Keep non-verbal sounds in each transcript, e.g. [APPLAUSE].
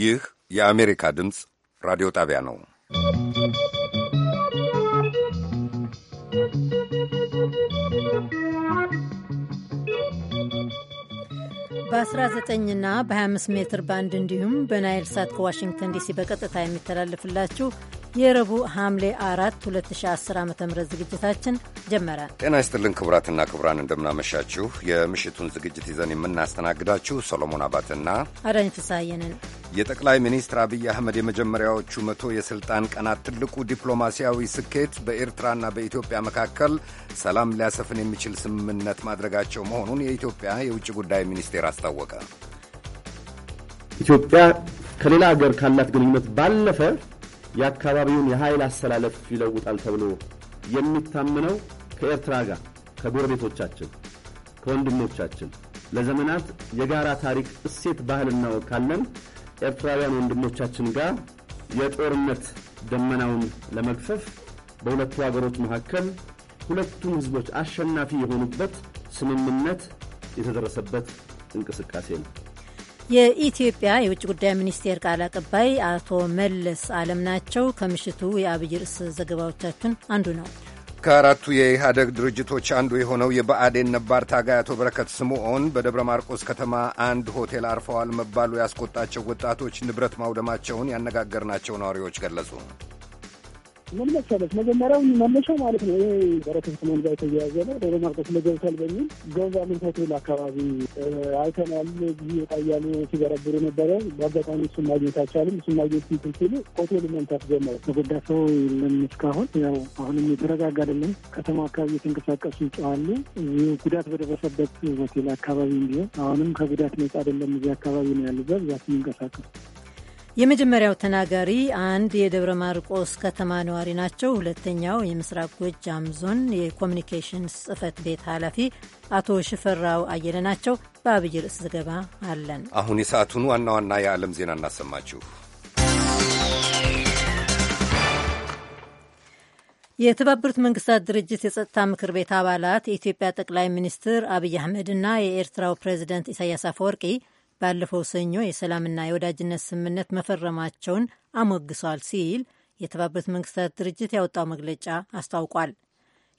ይህ የአሜሪካ ድምፅ ራዲዮ ጣቢያ ነው። በ19 ና በ25 ሜትር ባንድ እንዲሁም በናይል ሳት ከዋሽንግተን ዲሲ በቀጥታ የሚተላለፍላችሁ የረቡዕ ሐምሌ አራት 2010 ዓ ም ዝግጅታችን ጀመረ። ጤና ይስጥልን ክቡራትና ክቡራን፣ እንደምናመሻችሁ። የምሽቱን ዝግጅት ይዘን የምናስተናግዳችሁ ሰሎሞን አባትና አዳኝ ፍሳየንን። የጠቅላይ ሚኒስትር አብይ አህመድ የመጀመሪያዎቹ መቶ የሥልጣን ቀናት ትልቁ ዲፕሎማሲያዊ ስኬት በኤርትራና በኢትዮጵያ መካከል ሰላም ሊያሰፍን የሚችል ስምምነት ማድረጋቸው መሆኑን የኢትዮጵያ የውጭ ጉዳይ ሚኒስቴር አስታወቀ። ኢትዮጵያ ከሌላ አገር ካላት ግንኙነት ባለፈ የአካባቢውን የኃይል አሰላለፍ ይለውጣል ተብሎ የሚታመነው ከኤርትራ ጋር ከጎረቤቶቻችን፣ ከወንድሞቻችን ለዘመናት የጋራ ታሪክ፣ እሴት፣ ባህል ወግ ካለን ኤርትራውያን ወንድሞቻችን ጋር የጦርነት ደመናውን ለመግፈፍ በሁለቱ ሀገሮች መካከል ሁለቱም ህዝቦች አሸናፊ የሆኑበት ስምምነት የተደረሰበት እንቅስቃሴ ነው። የኢትዮጵያ የውጭ ጉዳይ ሚኒስቴር ቃል አቀባይ አቶ መለስ አለም ናቸው። ከምሽቱ የአብይ ርዕስ ዘገባዎቻችን አንዱ ነው። ከአራቱ የኢህአደግ ድርጅቶች አንዱ የሆነው የብአዴን ነባር ታጋይ አቶ በረከት ስምዖን በደብረ ማርቆስ ከተማ አንድ ሆቴል አርፈዋል መባሉ ያስቆጣቸው ወጣቶች ንብረት ማውደማቸውን ያነጋገርናቸው ነዋሪዎች ገለጹ። ምን መሰለሽ መጀመሪያው መነሻው ማለት ነው ይሄ በረከት ክመን ጋር የተያያዘ ነው። ደብረ ማርቆስ ለገብተል በሚል ገዛ ምን ሆቴል አካባቢ አይተናል። ጊዜ ጣያሉ ሲበረብሩ ነበረ። በአጋጣሚ እሱን ማግኘት አልቻልም። እሱን ማግኘት ሲትል ሲሉ ሆቴል መምታት ጀመረ። ተጎዳ ሰው የለም እስካሁን። ያው አሁንም የተረጋጋ አይደለም። ከተማ አካባቢ የተንቀሳቀሱ ይጨዋሉ። ጉዳት በደረሰበት ሆቴል አካባቢ እንዲሆን አሁንም ከጉዳት ነጻ አይደለም። እዚህ አካባቢ ነው ያሉበት ዛት የሚንቀሳቀሱ የመጀመሪያው ተናጋሪ አንድ የደብረ ማርቆስ ከተማ ነዋሪ ናቸው። ሁለተኛው የምስራቅ ጎጃም ዞን የኮሚኒኬሽንስ ጽህፈት ቤት ኃላፊ አቶ ሽፈራው አየለ ናቸው። በአብይ ርዕስ ዘገባ አለን። አሁን የሰዓቱን ዋና ዋና የዓለም ዜና እናሰማችሁ። የተባበሩት መንግስታት ድርጅት የጸጥታ ምክር ቤት አባላት የኢትዮጵያ ጠቅላይ ሚኒስትር አብይ አህመድና የኤርትራው ፕሬዚደንት ኢሳያስ አፈወርቂ ባለፈው ሰኞ የሰላምና የወዳጅነት ስምምነት መፈረማቸውን አሞግሷል ሲል የተባበሩት መንግስታት ድርጅት ያወጣው መግለጫ አስታውቋል።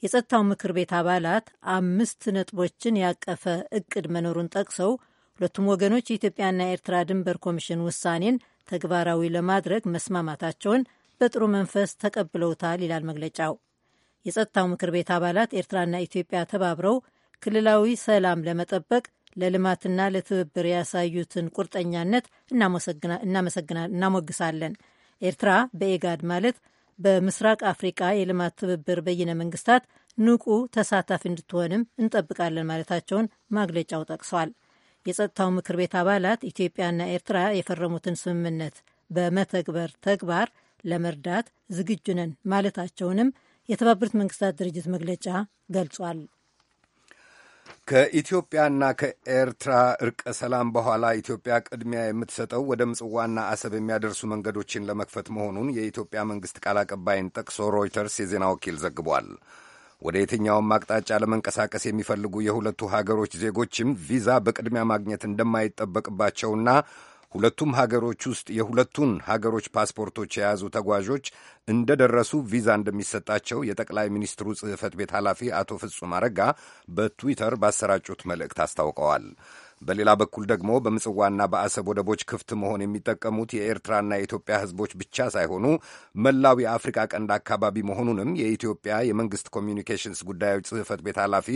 የጸጥታው ምክር ቤት አባላት አምስት ነጥቦችን ያቀፈ እቅድ መኖሩን ጠቅሰው ሁለቱም ወገኖች የኢትዮጵያና የኤርትራ ድንበር ኮሚሽን ውሳኔን ተግባራዊ ለማድረግ መስማማታቸውን በጥሩ መንፈስ ተቀብለውታል ይላል መግለጫው። የጸጥታው ምክር ቤት አባላት ኤርትራና ኢትዮጵያ ተባብረው ክልላዊ ሰላም ለመጠበቅ ለልማትና ለትብብር ያሳዩትን ቁርጠኛነት እናሞግሳለን። ኤርትራ በኤጋድ ማለት በምስራቅ አፍሪቃ የልማት ትብብር በይነ መንግስታት ንቁ ተሳታፊ እንድትሆንም እንጠብቃለን ማለታቸውን ማግለጫው ጠቅሷል። የጸጥታው ምክር ቤት አባላት ኢትዮጵያና ኤርትራ የፈረሙትን ስምምነት በመተግበር ተግባር ለመርዳት ዝግጁ ነን ማለታቸውንም የተባበሩት መንግስታት ድርጅት መግለጫ ገልጿል። ከኢትዮጵያና ከኤርትራ እርቀ ሰላም በኋላ ኢትዮጵያ ቅድሚያ የምትሰጠው ወደ ምጽዋና አሰብ የሚያደርሱ መንገዶችን ለመክፈት መሆኑን የኢትዮጵያ መንግሥት ቃል አቀባይን ጠቅሶ ሮይተርስ የዜና ወኪል ዘግቧል። ወደ የትኛውም አቅጣጫ ለመንቀሳቀስ የሚፈልጉ የሁለቱ ሀገሮች ዜጎችም ቪዛ በቅድሚያ ማግኘት እንደማይጠበቅባቸውና ሁለቱም ሀገሮች ውስጥ የሁለቱን ሀገሮች ፓስፖርቶች የያዙ ተጓዦች እንደ ደረሱ ቪዛ እንደሚሰጣቸው የጠቅላይ ሚኒስትሩ ጽህፈት ቤት ኃላፊ አቶ ፍጹም አረጋ በትዊተር ባሰራጩት መልእክት አስታውቀዋል። በሌላ በኩል ደግሞ በምጽዋና በአሰብ ወደቦች ክፍት መሆን የሚጠቀሙት የኤርትራና የኢትዮጵያ ህዝቦች ብቻ ሳይሆኑ መላው የአፍሪካ ቀንድ አካባቢ መሆኑንም የኢትዮጵያ የመንግስት ኮሚኒኬሽንስ ጉዳዮች ጽህፈት ቤት ኃላፊ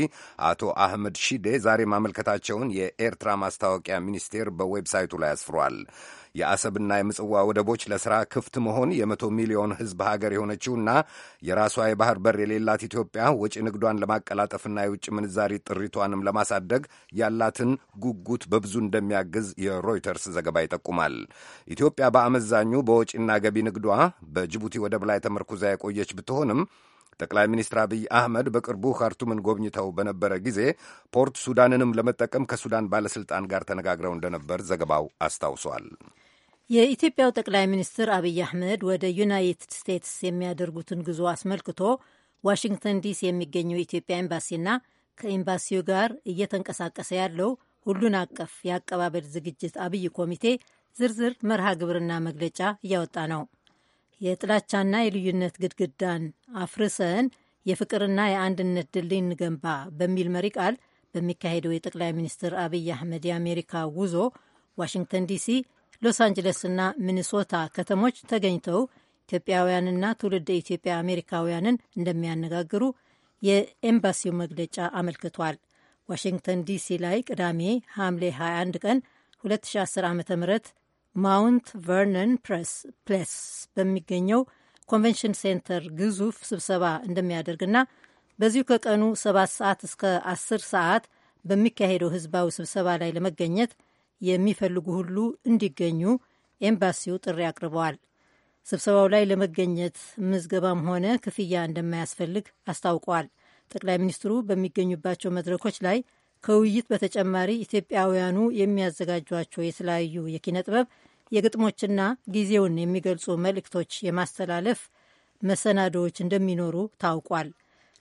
አቶ አህመድ ሺዴ ዛሬ ማመልከታቸውን የኤርትራ ማስታወቂያ ሚኒስቴር በዌብሳይቱ ላይ አስፍሯል። የአሰብና የምጽዋ ወደቦች ለሥራ ክፍት መሆን የመቶ ሚሊዮን ሕዝብ ሀገር የሆነችውና የራሷ የባህር በር የሌላት ኢትዮጵያ ወጪ ንግዷን ለማቀላጠፍና የውጭ ምንዛሪ ጥሪቷንም ለማሳደግ ያላትን ጉጉት በብዙ እንደሚያግዝ የሮይተርስ ዘገባ ይጠቁማል። ኢትዮጵያ በአመዛኙ በወጪና ገቢ ንግዷ በጅቡቲ ወደብ ላይ ተመርኩዛ የቆየች ብትሆንም ጠቅላይ ሚኒስትር አብይ አህመድ በቅርቡ ካርቱምን ጎብኝተው በነበረ ጊዜ ፖርት ሱዳንንም ለመጠቀም ከሱዳን ባለሥልጣን ጋር ተነጋግረው እንደነበር ዘገባው አስታውሷል። የኢትዮጵያው ጠቅላይ ሚኒስትር አብይ አህመድ ወደ ዩናይትድ ስቴትስ የሚያደርጉትን ጉዞ አስመልክቶ ዋሽንግተን ዲሲ የሚገኘው የኢትዮጵያ ኤምባሲና ከኤምባሲው ጋር እየተንቀሳቀሰ ያለው ሁሉን አቀፍ የአቀባበል ዝግጅት አብይ ኮሚቴ ዝርዝር መርሃ ግብርና መግለጫ እያወጣ ነው። የጥላቻና የልዩነት ግድግዳን አፍርሰን የፍቅርና የአንድነት ድልድይ እንገንባ በሚል መሪ ቃል በሚካሄደው የጠቅላይ ሚኒስትር አብይ አህመድ የአሜሪካ ጉዞ ዋሽንግተን ዲሲ ሎስ አንጅለስና ሚኒሶታ ከተሞች ተገኝተው ኢትዮጵያውያንና ትውልደ ኢትዮጵያ አሜሪካውያንን እንደሚያነጋግሩ የኤምባሲው መግለጫ አመልክቷል። ዋሽንግተን ዲሲ ላይ ቅዳሜ ሐምሌ 21 ቀን 2010 ዓ ም ማውንት ቨርነን ፕሬስ ፕሌስ በሚገኘው ኮንቬንሽን ሴንተር ግዙፍ ስብሰባ እንደሚያደርግና በዚሁ ከቀኑ 7 ሰዓት እስከ 10 ሰዓት በሚካሄደው ህዝባዊ ስብሰባ ላይ ለመገኘት የሚፈልጉ ሁሉ እንዲገኙ ኤምባሲው ጥሪ አቅርበዋል። ስብሰባው ላይ ለመገኘት ምዝገባም ሆነ ክፍያ እንደማያስፈልግ አስታውቀዋል። ጠቅላይ ሚኒስትሩ በሚገኙባቸው መድረኮች ላይ ከውይይት በተጨማሪ ኢትዮጵያውያኑ የሚያዘጋጇቸው የተለያዩ የኪነ ጥበብ የግጥሞችና ጊዜውን የሚገልጹ መልእክቶች የማስተላለፍ መሰናዶዎች እንደሚኖሩ ታውቋል።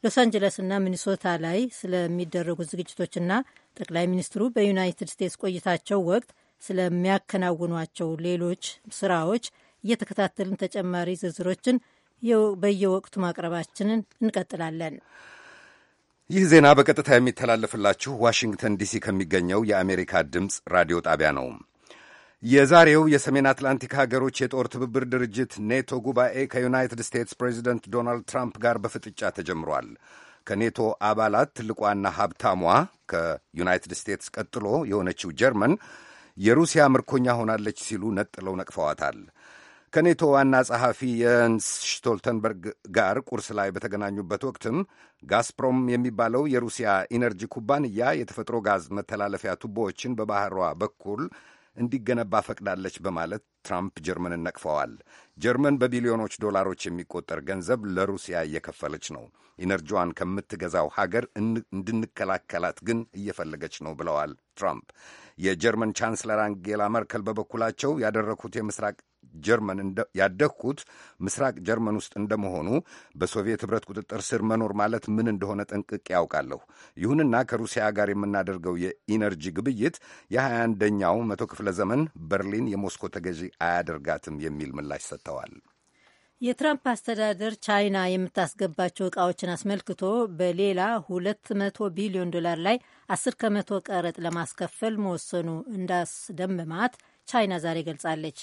ሎስ አንጀለስና ሚኒሶታ ላይ ስለሚደረጉ ዝግጅቶችና ጠቅላይ ሚኒስትሩ በዩናይትድ ስቴትስ ቆይታቸው ወቅት ስለሚያከናውኗቸው ሌሎች ስራዎች እየተከታተልን ተጨማሪ ዝርዝሮችን በየወቅቱ ማቅረባችንን እንቀጥላለን። ይህ ዜና በቀጥታ የሚተላለፍላችሁ ዋሽንግተን ዲሲ ከሚገኘው የአሜሪካ ድምፅ ራዲዮ ጣቢያ ነው። የዛሬው የሰሜን አትላንቲክ ሀገሮች የጦር ትብብር ድርጅት ኔቶ ጉባኤ ከዩናይትድ ስቴትስ ፕሬዚደንት ዶናልድ ትራምፕ ጋር በፍጥጫ ተጀምሯል። ከኔቶ አባላት ትልቋና ሀብታሟ ከዩናይትድ ስቴትስ ቀጥሎ የሆነችው ጀርመን የሩሲያ ምርኮኛ ሆናለች ሲሉ ነጥለው ነቅፈዋታል። ከኔቶ ዋና ጸሐፊ የንስ ሽቶልተንበርግ ጋር ቁርስ ላይ በተገናኙበት ወቅትም ጋስፕሮም የሚባለው የሩሲያ ኢነርጂ ኩባንያ የተፈጥሮ ጋዝ መተላለፊያ ቱቦዎችን በባህሯ በኩል እንዲገነባ ፈቅዳለች በማለት ትራምፕ ጀርመንን ነቅፈዋል። ጀርመን በቢሊዮኖች ዶላሮች የሚቆጠር ገንዘብ ለሩሲያ እየከፈለች ነው። ኢነርጂዋን ከምትገዛው ሀገር እንድንከላከላት ግን እየፈለገች ነው ብለዋል ትራምፕ። የጀርመን ቻንስለር አንጌላ መርከል በበኩላቸው ያደረኩት የምስራቅ ጀርመን ያደግኩት ምስራቅ ጀርመን ውስጥ እንደመሆኑ በሶቪየት ኅብረት ቁጥጥር ስር መኖር ማለት ምን እንደሆነ ጠንቅቄ ያውቃለሁ። ይሁንና ከሩሲያ ጋር የምናደርገው የኢነርጂ ግብይት የ21ኛው መቶ ክፍለ ዘመን በርሊን የሞስኮ ተገዢ አያደርጋትም የሚል ምላሽ ሰጥተዋል። የትራምፕ አስተዳደር ቻይና የምታስገባቸው እቃዎችን አስመልክቶ በሌላ 200 ቢሊዮን ዶላር ላይ 10 ከመቶ ቀረጥ ለማስከፈል መወሰኑ እንዳስደመማት ቻይና ዛሬ ገልጻለች።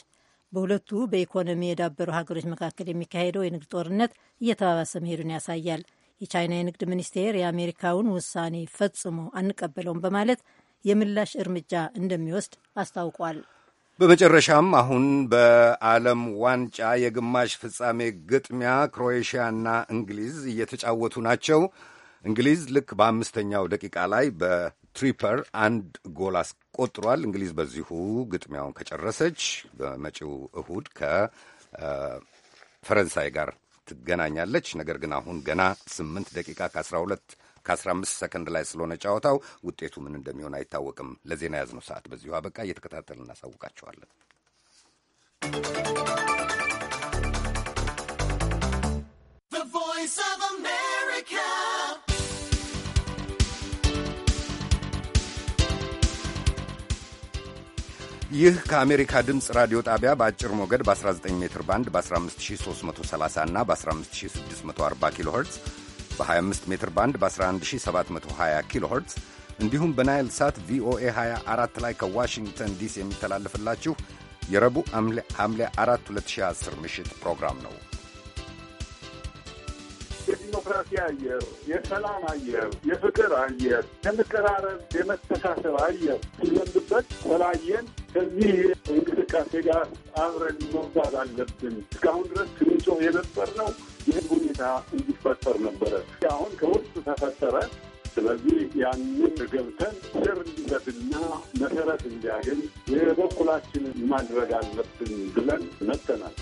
በሁለቱ በኢኮኖሚ የዳበሩ ሀገሮች መካከል የሚካሄደው የንግድ ጦርነት እየተባባሰ መሄዱን ያሳያል። የቻይና የንግድ ሚኒስቴር የአሜሪካውን ውሳኔ ፈጽሞ አንቀበለውም በማለት የምላሽ እርምጃ እንደሚወስድ አስታውቋል። በመጨረሻም አሁን በዓለም ዋንጫ የግማሽ ፍጻሜ ግጥሚያ ክሮኤሽያና እንግሊዝ እየተጫወቱ ናቸው። እንግሊዝ ልክ በአምስተኛው ደቂቃ ላይ ትሪፐር አንድ ጎል አስቆጥሯል። እንግሊዝ በዚሁ ግጥሚያውን ከጨረሰች በመጪው እሁድ ከፈረንሳይ ጋር ትገናኛለች። ነገር ግን አሁን ገና ስምንት ደቂቃ ከአስራ ሁለት ከአስራ አምስት ሰከንድ ላይ ስለሆነ ጨዋታው ውጤቱ ምን እንደሚሆን አይታወቅም። ለዜና ያዝነው ሰዓት በዚሁ አበቃ። እየተከታተል እናሳውቃቸዋለን። ይህ ከአሜሪካ ድምፅ ራዲዮ ጣቢያ በአጭር ሞገድ በ19 ሜትር ባንድ በ15330 እና በ15640 ኪሎ ኸርትዝ በ25 ሜትር ባንድ በ11720 ኪሎ ኸርትዝ እንዲሁም በናይል ሳት ቪኦኤ 24 ላይ ከዋሽንግተን ዲሲ የሚተላለፍላችሁ የረቡዕ ሐምሌ 4 2010 ምሽት ፕሮግራም ነው። የዲሞክራሲ አየር፣ የሰላም አየር፣ የፍቅር አየር፣ የመቀራረብ የመተሳሰብ አየር ሲዘንብበት ተለያየን። ከዚህ እንቅስቃሴ ጋር አብረን መጓዝ አለብን። እስካሁን ድረስ የነበር ነው። ይህ ሁኔታ እንዲፈጠር ነበረ። አሁን ከውስጥ ተፈጠረ። ስለዚህ ያንን ገብተን ስር እንዲሰድና መሰረት እንዲያገኝ የበኩላችንን ማድረግ አለብን ብለን መጥተናል።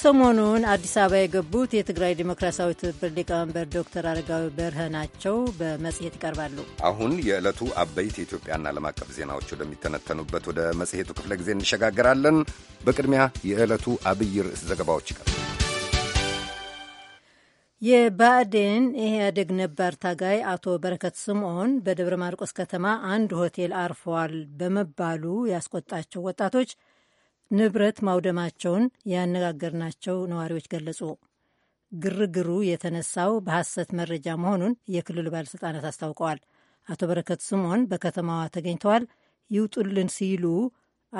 ሰሞኑን አዲስ አበባ የገቡት የትግራይ ዴሞክራሲያዊ ትብብር ሊቀመንበር ዶክተር አረጋዊ በርሀ ናቸው። በመጽሔት ይቀርባሉ። አሁን የዕለቱ አበይት የኢትዮጵያና ዓለም አቀፍ ዜናዎች ወደሚተነተኑበት ወደ መጽሔቱ ክፍለ ጊዜ እንሸጋገራለን። በቅድሚያ የዕለቱ አብይ ርዕስ ዘገባዎች ይቀርባል። የባዕዴን ኢህአዴግ ነባር ታጋይ አቶ በረከት ስምዖን በደብረ ማርቆስ ከተማ አንድ ሆቴል አርፈዋል በመባሉ ያስቆጣቸው ወጣቶች ንብረት ማውደማቸውን ያነጋገርናቸው ነዋሪዎች ገለጹ። ግርግሩ የተነሳው በሐሰት መረጃ መሆኑን የክልሉ ባለሥልጣናት አስታውቀዋል። አቶ በረከት ስምዖን በከተማዋ ተገኝተዋል። ይውጡልን ሲሉ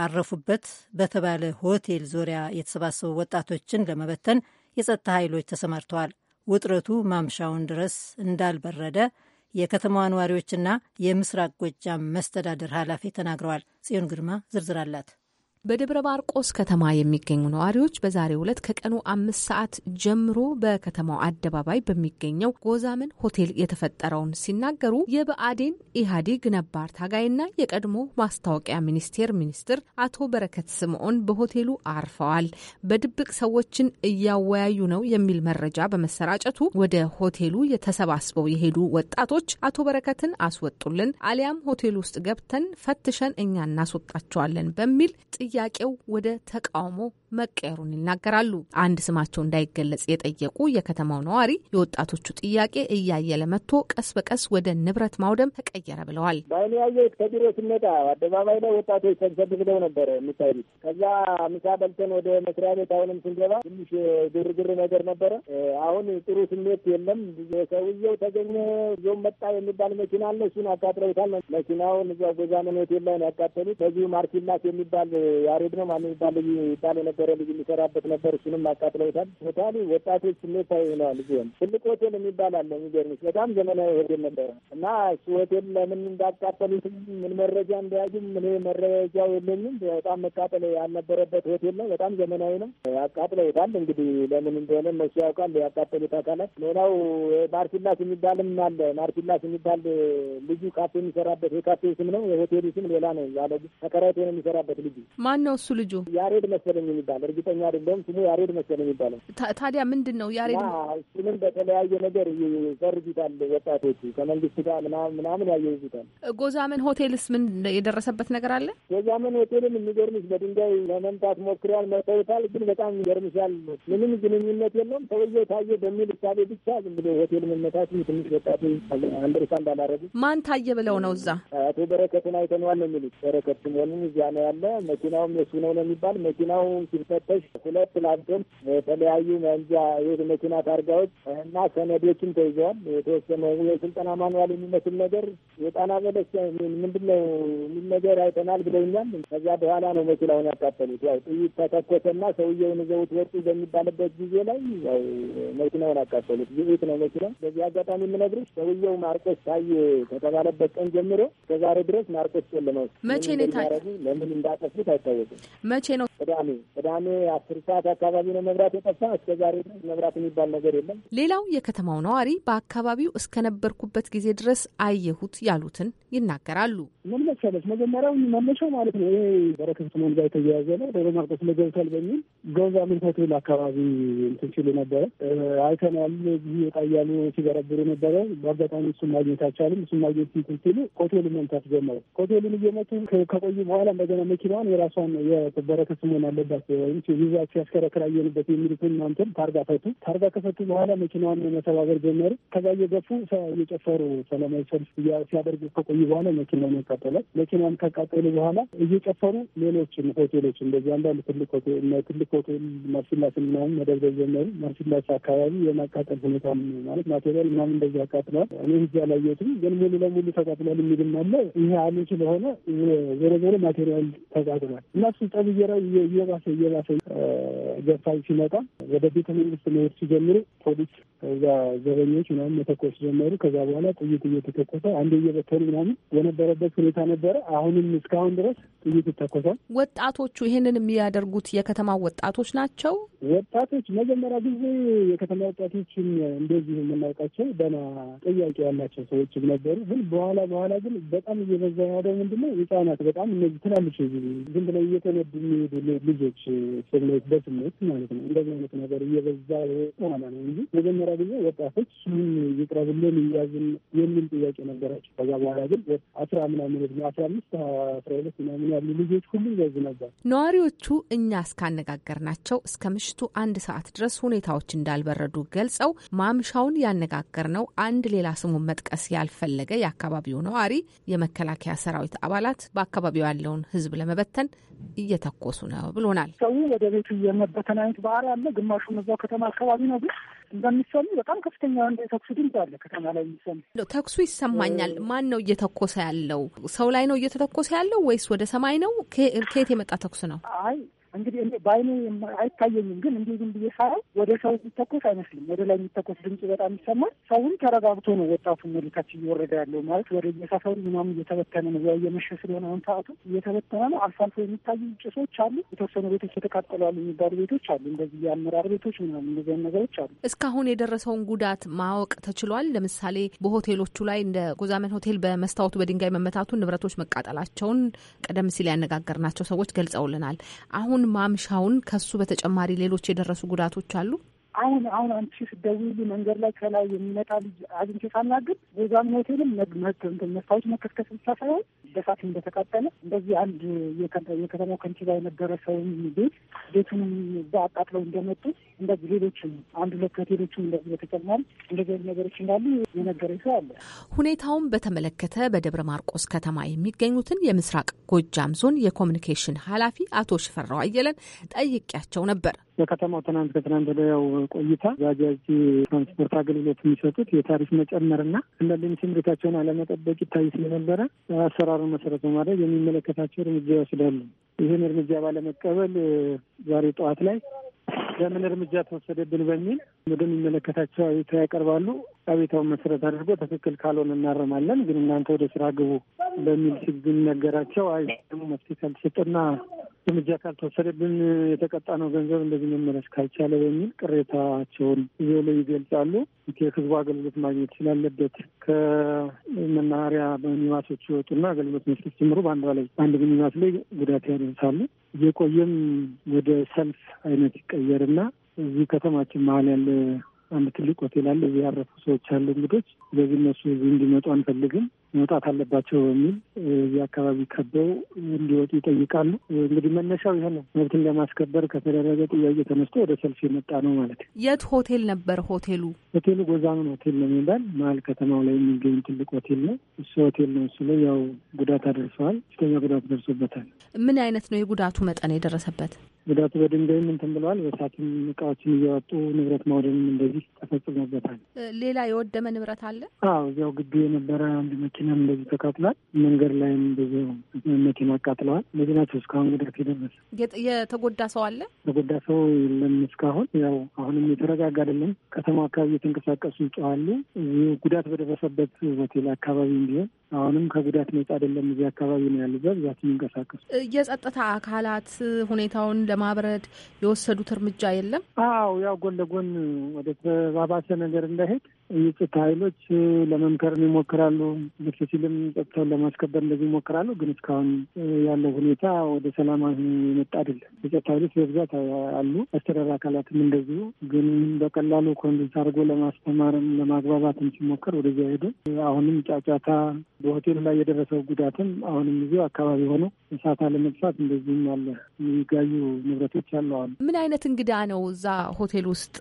አረፉበት በተባለ ሆቴል ዙሪያ የተሰባሰቡ ወጣቶችን ለመበተን የጸጥታ ኃይሎች ተሰማርተዋል። ውጥረቱ ማምሻውን ድረስ እንዳልበረደ የከተማዋ ነዋሪዎችና የምስራቅ ጎጃም መስተዳደር ኃላፊ ተናግረዋል። ጽዮን ግርማ ዝርዝር አላት። በደብረ ማርቆስ ከተማ የሚገኙ ነዋሪዎች በዛሬው ዕለት ከቀኑ አምስት ሰዓት ጀምሮ በከተማው አደባባይ በሚገኘው ጎዛምን ሆቴል የተፈጠረውን ሲናገሩ የብአዴን ኢህአዴግ ነባር ታጋይና የቀድሞ ማስታወቂያ ሚኒስቴር ሚኒስትር አቶ በረከት ስምዖን በሆቴሉ አርፈዋል። በድብቅ ሰዎችን እያወያዩ ነው የሚል መረጃ በመሰራጨቱ ወደ ሆቴሉ የተሰባስበው የሄዱ ወጣቶች አቶ በረከትን አስወጡልን፣ አሊያም ሆቴሉ ውስጥ ገብተን ፈትሸን እኛ እናስወጣቸዋለን በሚል ጥያቄው ወደ ተቃውሞ መቀየሩን ይናገራሉ። አንድ ስማቸው እንዳይገለጽ የጠየቁ የከተማው ነዋሪ የወጣቶቹ ጥያቄ እያየለ መጥቶ ቀስ በቀስ ወደ ንብረት ማውደም ተቀየረ ብለዋል። በአይኔ ያየሁት ከቢሮ ሲመጣ አደባባይ ላይ ወጣቶች ሰብሰብ ብለው ነበረ የሚታዩት። ከዛ ምሳ በልተን ወደ መስሪያ ቤት አሁንም ስንገባ ትንሽ ግርግር ነገር ነበረ። አሁን ጥሩ ስሜት የለም። ሰውየው ተገኘ ዞም መጣ የሚባል መኪና አለ። እሱን አቃጥለውታል። መኪናውን እዚያ ጎዛመን ሆቴል ላይ ነው ያቃጠሉት። ከዚሁ ማርኪላስ የሚባል ያሬድ ነው ማን የሚባል ልጅ ይባል የነበረ ልጅ የሚሰራበት ነበር። እሱንም አቃጥለውታል። ሆታሊ ወጣቶች ስሜታዊ ሆነዋል። እዚሆን ትልቅ ሆቴል የሚባል አለ። የሚገርምሽ በጣም ዘመናዊ ሆቴል ነበረ እና እሱ ሆቴል ለምን እንዳቃጠሉትም ምን መረጃ እንደያዙም እኔ መረጃው የለኝም። በጣም መቃጠል ያልነበረበት ሆቴል ነው። በጣም ዘመናዊ ነው። አቃጥለውታል። እንግዲህ ለምን እንደሆነ እነሱ ያውቃል ያቃጠሉት አካላት። ሌላው ማርፊላስ የሚባልም አለ። ማርፊላስ የሚባል ልጁ ካፌ የሚሰራበት የካፌ ስም ነው። የሆቴሉ ስም ሌላ ነው። ያለ ተከራይቶ ነው የሚሰራበት ልጁ ማን ነው እሱ ልጁ? ያሬድ መሰለኝ የሚባል እርግጠኛ አይደለሁም። ስሙ ያሬድ መሰለኝ የሚባለው። ታዲያ ምንድን ነው ያሬድ? እሱንም በተለያየ ነገር ይፈርጁታል ወጣቶቹ ከመንግስት ጋር ምናምን ያያይዙታል። ጎዛመን ሆቴልስ ምን የደረሰበት ነገር አለ? ጎዛመን ሆቴልም የሚገርምሽ በድንጋይ ለመምታት ሞክሪያል፣ መተውታል። ግን በጣም ይገርምሻል፣ ምንም ግንኙነት የለውም። ሰውየው ታየ በሚል እሳቤ ብቻ ዝም ብሎ ሆቴል መመታት ትንሽ ወጣቱ አንደርስታንድ አላደረጉ። ማን ታየ ብለው ነው እዛ? አቶ በረከትን አይተነዋል ነው የሚሉት። በረከት ስምኦንን እዚያ ነው ያለ መኪና መኪናውም የሱ ነው ነው የሚባል መኪናው ሲፈተሽ ሁለት ላንቶን የተለያዩ መንጃ መኪና ታርጋዎች እና ሰነዶችም ተይዘዋል። የተወሰነ የስልጠና ማንዋል የሚመስል ነገር የጣና በለስ ምንድን ነው የሚል ነገር አይተናል ብለውኛል። ከዚያ በኋላ ነው መኪናውን ያቃጠሉት። ያው ጥይት ተተኮሰና ሰውየውን ይዘውት ወጡ በሚባልበት ጊዜ ላይ ያው መኪናውን አቃጠሉት። ዝት ነው መኪናው። በዚህ አጋጣሚ የምነግርሽ ሰውየው ማርቆስ ታየ ከተባለበት ቀን ጀምሮ እስከ ድረስ ማርቆስ ጨለማ መቼ ነው ለምን እንዳጠፉት አይታ አይታወቅም። መቼ ነው? ቅዳሜ ቅዳሜ አስር ሰዓት አካባቢ ነው መብራት የጠፋ። እስከ ዛሬ ድረስ መብራት የሚባል ነገር የለም። ሌላው የከተማው ነዋሪ በአካባቢው እስከነበርኩበት ጊዜ ድረስ አየሁት ያሉትን ይናገራሉ። ምን መሰለሽ መጀመሪያው መነሻው ማለት ነው ይሄ በረከት ስምኦን ጋር የተያያዘ ነው። ደብረ ማርቆስ ለገብተል በሚል ምን ሆቴል አካባቢ እንትን ሲሉ ነበረ አይተናል። ጊዜ ወጣ እያሉ ሲበረብሩ ነበረ። በአጋጣሚ እሱ ማግኘት አልቻልም። እሱ ማግኘት ሲሉ ሆቴሉን መምታት ጀመረ። ሆቴሉን እየመቱ ከቆዩ በኋላ እንደገና መኪናዋን የራሷ እንኳን የተበረከ ስሞን አለባቸው ወይም ይዛቸው ያሽከረክራየንበት የሚሉትን ማምተን ታርጋ ፈቱ። ታርጋ ከፈቱ በኋላ መኪናዋን መተባበር ጀመሩ። ከዛ እየገፉ እየጨፈሩ ሰላማዊ ሰልፍ ሲያደርጉ ከቆዩ በኋላ መኪናውን ያቃጠላል። መኪናውን ካቃጠሉ በኋላ እየጨፈሩ ሌሎችም ሆቴሎች እንደዚህ አንዳንድ ትልቅ ትልቅ ሆቴል ማርሲላስ ምናምን መደብደብ ጀመሩ። ማርሲላስ አካባቢ የማቃጠል ሁኔታ ማለት ማቴሪያል ምናምን እንደዚህ አቃጥለዋል። እኔ ህዚ አላየሁትም፣ ግን ሙሉ ለሙሉ ተቃጥሏል የሚልም አለ። ይሄ አሉ ስለሆነ ዞሮ ዞሮ ማቴሪያል ተቃጥሏል። እና ስልጣን እየራ እየባሰ እየባሰ ገፋይ ሲመጣ ወደ ቤተ መንግስት መሄድ ሲጀምሩ ፖሊስ እዛ ዘበኞች ምናምን መተኮስ ጀመሩ። ከዛ በኋላ ጥይት እየተተኮሰ አንዴ እየበተኑ ምናምን የነበረበት ሁኔታ ነበረ። አሁንም እስካሁን ድረስ ጥይት ይተኮሳል። ወጣቶቹ ይህንን የሚያደርጉት የከተማ ወጣቶች ናቸው። ወጣቶች መጀመሪያ ጊዜ የከተማ ወጣቶችን እንደዚህ የምናውቃቸው ገና ጥያቄ ያላቸው ሰዎችም ነበሩ። ግን በኋላ በኋላ ግን በጣም እየበዛ ያደው ምንድነው ህጻናት በጣም እነዚህ ትላልች ዝም ብለው እየተነዱ የሚሄዱ ልጆች ስሜት በስሜት ማለት ነው። እንደዚህ አይነት ነገር እየበዛ የወጣ ነው እንጂ መጀመሪያ ጊዜ ወጣቶች ምን ይቅረብልን እያዝን የሚል ጥያቄ ነበራቸው። ከዛ በኋላ ግን አስራ ምናምን ዕድሜ አስራ አምስት አስራ ሁለት ምናምን ያሉ ልጆች ሁሉ ይበዙ ነበር። ነዋሪዎቹ እኛ እስካነጋገርናቸው እስከ ምሽቱ አንድ ሰዓት ድረስ ሁኔታዎች እንዳልበረዱ ገልጸው ማምሻውን ያነጋገርነው አንድ ሌላ ስሙን መጥቀስ ያልፈለገ የአካባቢው ነዋሪ የመከላከያ ሰራዊት አባላት በአካባቢው ያለውን ሕዝብ ለመበተን እየተኮሱ ነው ብሎናል። ሰው ወደ ቤቱ እየመበተን አይነት ባህሪ አለ። ግማሹ እዛው ከተማ አካባቢ ነው ግን እንደሚሰሙ በጣም ከፍተኛ ወንድ የተኩሱ ድምጽ አለ ከተማ ላይ የሚሰሙ ተኩሱ ይሰማኛል። ማን ነው እየተኮሰ ያለው? ሰው ላይ ነው እየተተኮሰ ያለው ወይስ ወደ ሰማይ ነው? ከየት የመጣ ተኩስ ነው? አይ እንግዲህ እ በአይኑ አይታየኝም፣ ግን እንዲሁ ዝም ብዬ ሳየው ወደ ሰው የሚተኮስ አይመስልም። ወደ ላይ የሚተኮስ ድምጽ በጣም ይሰማል። ሰውን ተረጋግቶ ነው ወጣቱ ታች እየወረደ ያለው ማለት ወደ የሰፈሩ ምናምን እየተበተነ ነው። ያ እየመሸ ስለሆነ አሁን ሰዓቱ እየተበተነ ነው። አልፎ አልፎ የሚታዩ ጭሶች አሉ። የተወሰኑ ቤቶች የተቃጠሏሉ የሚባሉ ቤቶች አሉ። እንደዚህ የአመራር ቤቶች ምናምን እንደዚህ ነገሮች አሉ። እስካሁን የደረሰውን ጉዳት ማወቅ ተችሏል። ለምሳሌ በሆቴሎቹ ላይ እንደ ጎዛመን ሆቴል በመስታወቱ በድንጋይ መመታቱ፣ ንብረቶች መቃጠላቸውን ቀደም ሲል ያነጋገርናቸው ሰዎች ገልጸውልናል። አሁን አሁን ማምሻውን ከሱ በተጨማሪ ሌሎች የደረሱ ጉዳቶች አሉ? አሁን አሁን አንቺ ስትደውዪ መንገድ ላይ ከላይ የሚመጣ ልጅ አግኝቼ ሳናግር ጎዛምን ሆቴልም መስታወት መከስከስ ብቻ ሳይሆን በሳት እንደተቃጠለ እንደዚህ አንድ የከተማው ከንቲባ የነበረ ሰውን ቤት ቤቱንም በአቃጥለው እንደመጡ እንደዚህ ሌሎችም አንድ ሁለት ሆቴሎችም እንደዚህ በተጨማሪ እንደዚህ ነገሮች እንዳሉ የነገረ ሰው አለ። ሁኔታውን በተመለከተ በደብረ ማርቆስ ከተማ የሚገኙትን የምስራቅ ጎጃም ዞን የኮሚኒኬሽን ኃላፊ አቶ ሽፈራው አየለን ጠይቄያቸው ነበር። በከተማው ትናንት ከትናንት ወዲያው ቆይታ ባጃጅ ትራንስፖርት አገልግሎት የሚሰጡት የታሪፍ መጨመርና አንዳንድ ስምሪታቸውን አለመጠበቅ ይታይ ስለነበረ አሰራሩን መሰረት በማድረግ የሚመለከታቸው እርምጃ ይወስዳሉ። ይህን እርምጃ ባለመቀበል ዛሬ ጠዋት ላይ ለምን እርምጃ ተወሰደብን በሚል ወደሚመለከታቸው አቤታ ያቀርባሉ። አቤታውን መሰረት አድርጎ ትክክል ካልሆነ እናረማለን፣ ግን እናንተ ወደ ስራ ግቡ በሚል ሲነገራቸው አይ ደግሞ መፍትሄ ካልተሰጠና እርምጃ ካልተወሰደብን የተቀጣ ነው ገንዘብ እንደዚህ መመለስ ካልቻለ በሚል ቅሬታቸውን እዚሁ ላይ ይገልጻሉ። የህዝቡ አገልግሎት ማግኘት ስላለበት ከመናኸሪያ በሚኒባሶች ይወጡና አገልግሎት መስጠት ጀምሮ በአንድ ላይ አንድ ሚኒባስ ላይ ጉዳት ያደርሳሉ። እየቆየም ወደ ሰልፍ አይነት ይቀ መቀየር እና እዚህ ከተማችን መሀል ያለ አንድ ትልቅ ሆቴል አለ። እዚህ ያረፉ ሰዎች አሉ እንግዶች። ስለዚህ እነሱ እዚህ እንዲመጡ አንፈልግም። መውጣት አለባቸው በሚል እዚህ አካባቢ ከበው እንዲወጡ ይጠይቃሉ። እንግዲህ መነሻው ይሄ ነው። መብትን ለማስከበር ከተደረገ ጥያቄ ተነስቶ ወደ ሰልፍ የመጣ ነው ማለት ነው። የት ሆቴል ነበር? ሆቴሉ ሆቴሉ ጎዛምን ሆቴል ነው የሚባል መሀል ከተማው ላይ የሚገኝ ትልቅ ሆቴል ነው። እሱ ሆቴል ነው። እሱ ላይ ያው ጉዳት አደርሰዋል። ከፍተኛ ጉዳት ደርሶበታል። ምን አይነት ነው የጉዳቱ መጠን የደረሰበት? ጉዳቱ በድንጋይም እንትን ብለዋል። በሳትም እቃዎችን እያወጡ ንብረት ማውደንም እንደዚህ ተፈጽሞበታል። ሌላ የወደመ ንብረት አለ? አዎ እዚያው ግቢ የነበረ አንድ መኪና መኪናም እንደዚህ ተቃጥሏል። መንገድ ላይም ብዙ መኪና አቃጥለዋል። እነዚህ ናቸው እስካሁን ጉዳት የደረሰ። የተጎዳ ሰው አለ? የተጎዳ ሰው የለም እስካሁን። ያው አሁንም የተረጋጋ አይደለም። ከተማ አካባቢ የተንቀሳቀሱ ይጮዋሉ። ጉዳት በደረሰበት ሆቴል አካባቢ እንዲሆን አሁንም ከጉዳት ነጻ አይደለም። እዚህ አካባቢ ነው ያሉ በብዛት የሚንቀሳቀሱ የጸጥታ አካላት ሁኔታውን ለማብረድ የወሰዱት እርምጃ የለም። አዎ ያው ጎን ለጎን ወደ ተባባሰ ነገር እንዳይሄድ የጸጥታ ኃይሎች ለመምከርን ይሞክራሉ፣ ልፍ ሲልም ጸጥታውን ለማስከበር እንደዚህ ይሞክራሉ። ግን እስካሁን ያለው ሁኔታ ወደ ሰላማዊ የመጣ አይደለም። የጸጥታ ኃይሎች በብዛት አሉ፣ አስተዳደር አካላትም እንደዚሁ። ግን በቀላሉ ኮንደንስ አድርጎ ለማስተማርም ለማግባባትም ሲሞከር ወደዚያ ሄዶ አሁንም ጫጫታ፣ በሆቴሉ ላይ የደረሰው ጉዳትም አሁንም ጊዜው አካባቢ ሆኖ እሳት አለመጥፋት እንደዚህም አለ። የሚጋዩ ንብረቶች አሉ። ምን አይነት እንግዳ ነው እዛ ሆቴል ውስጥ?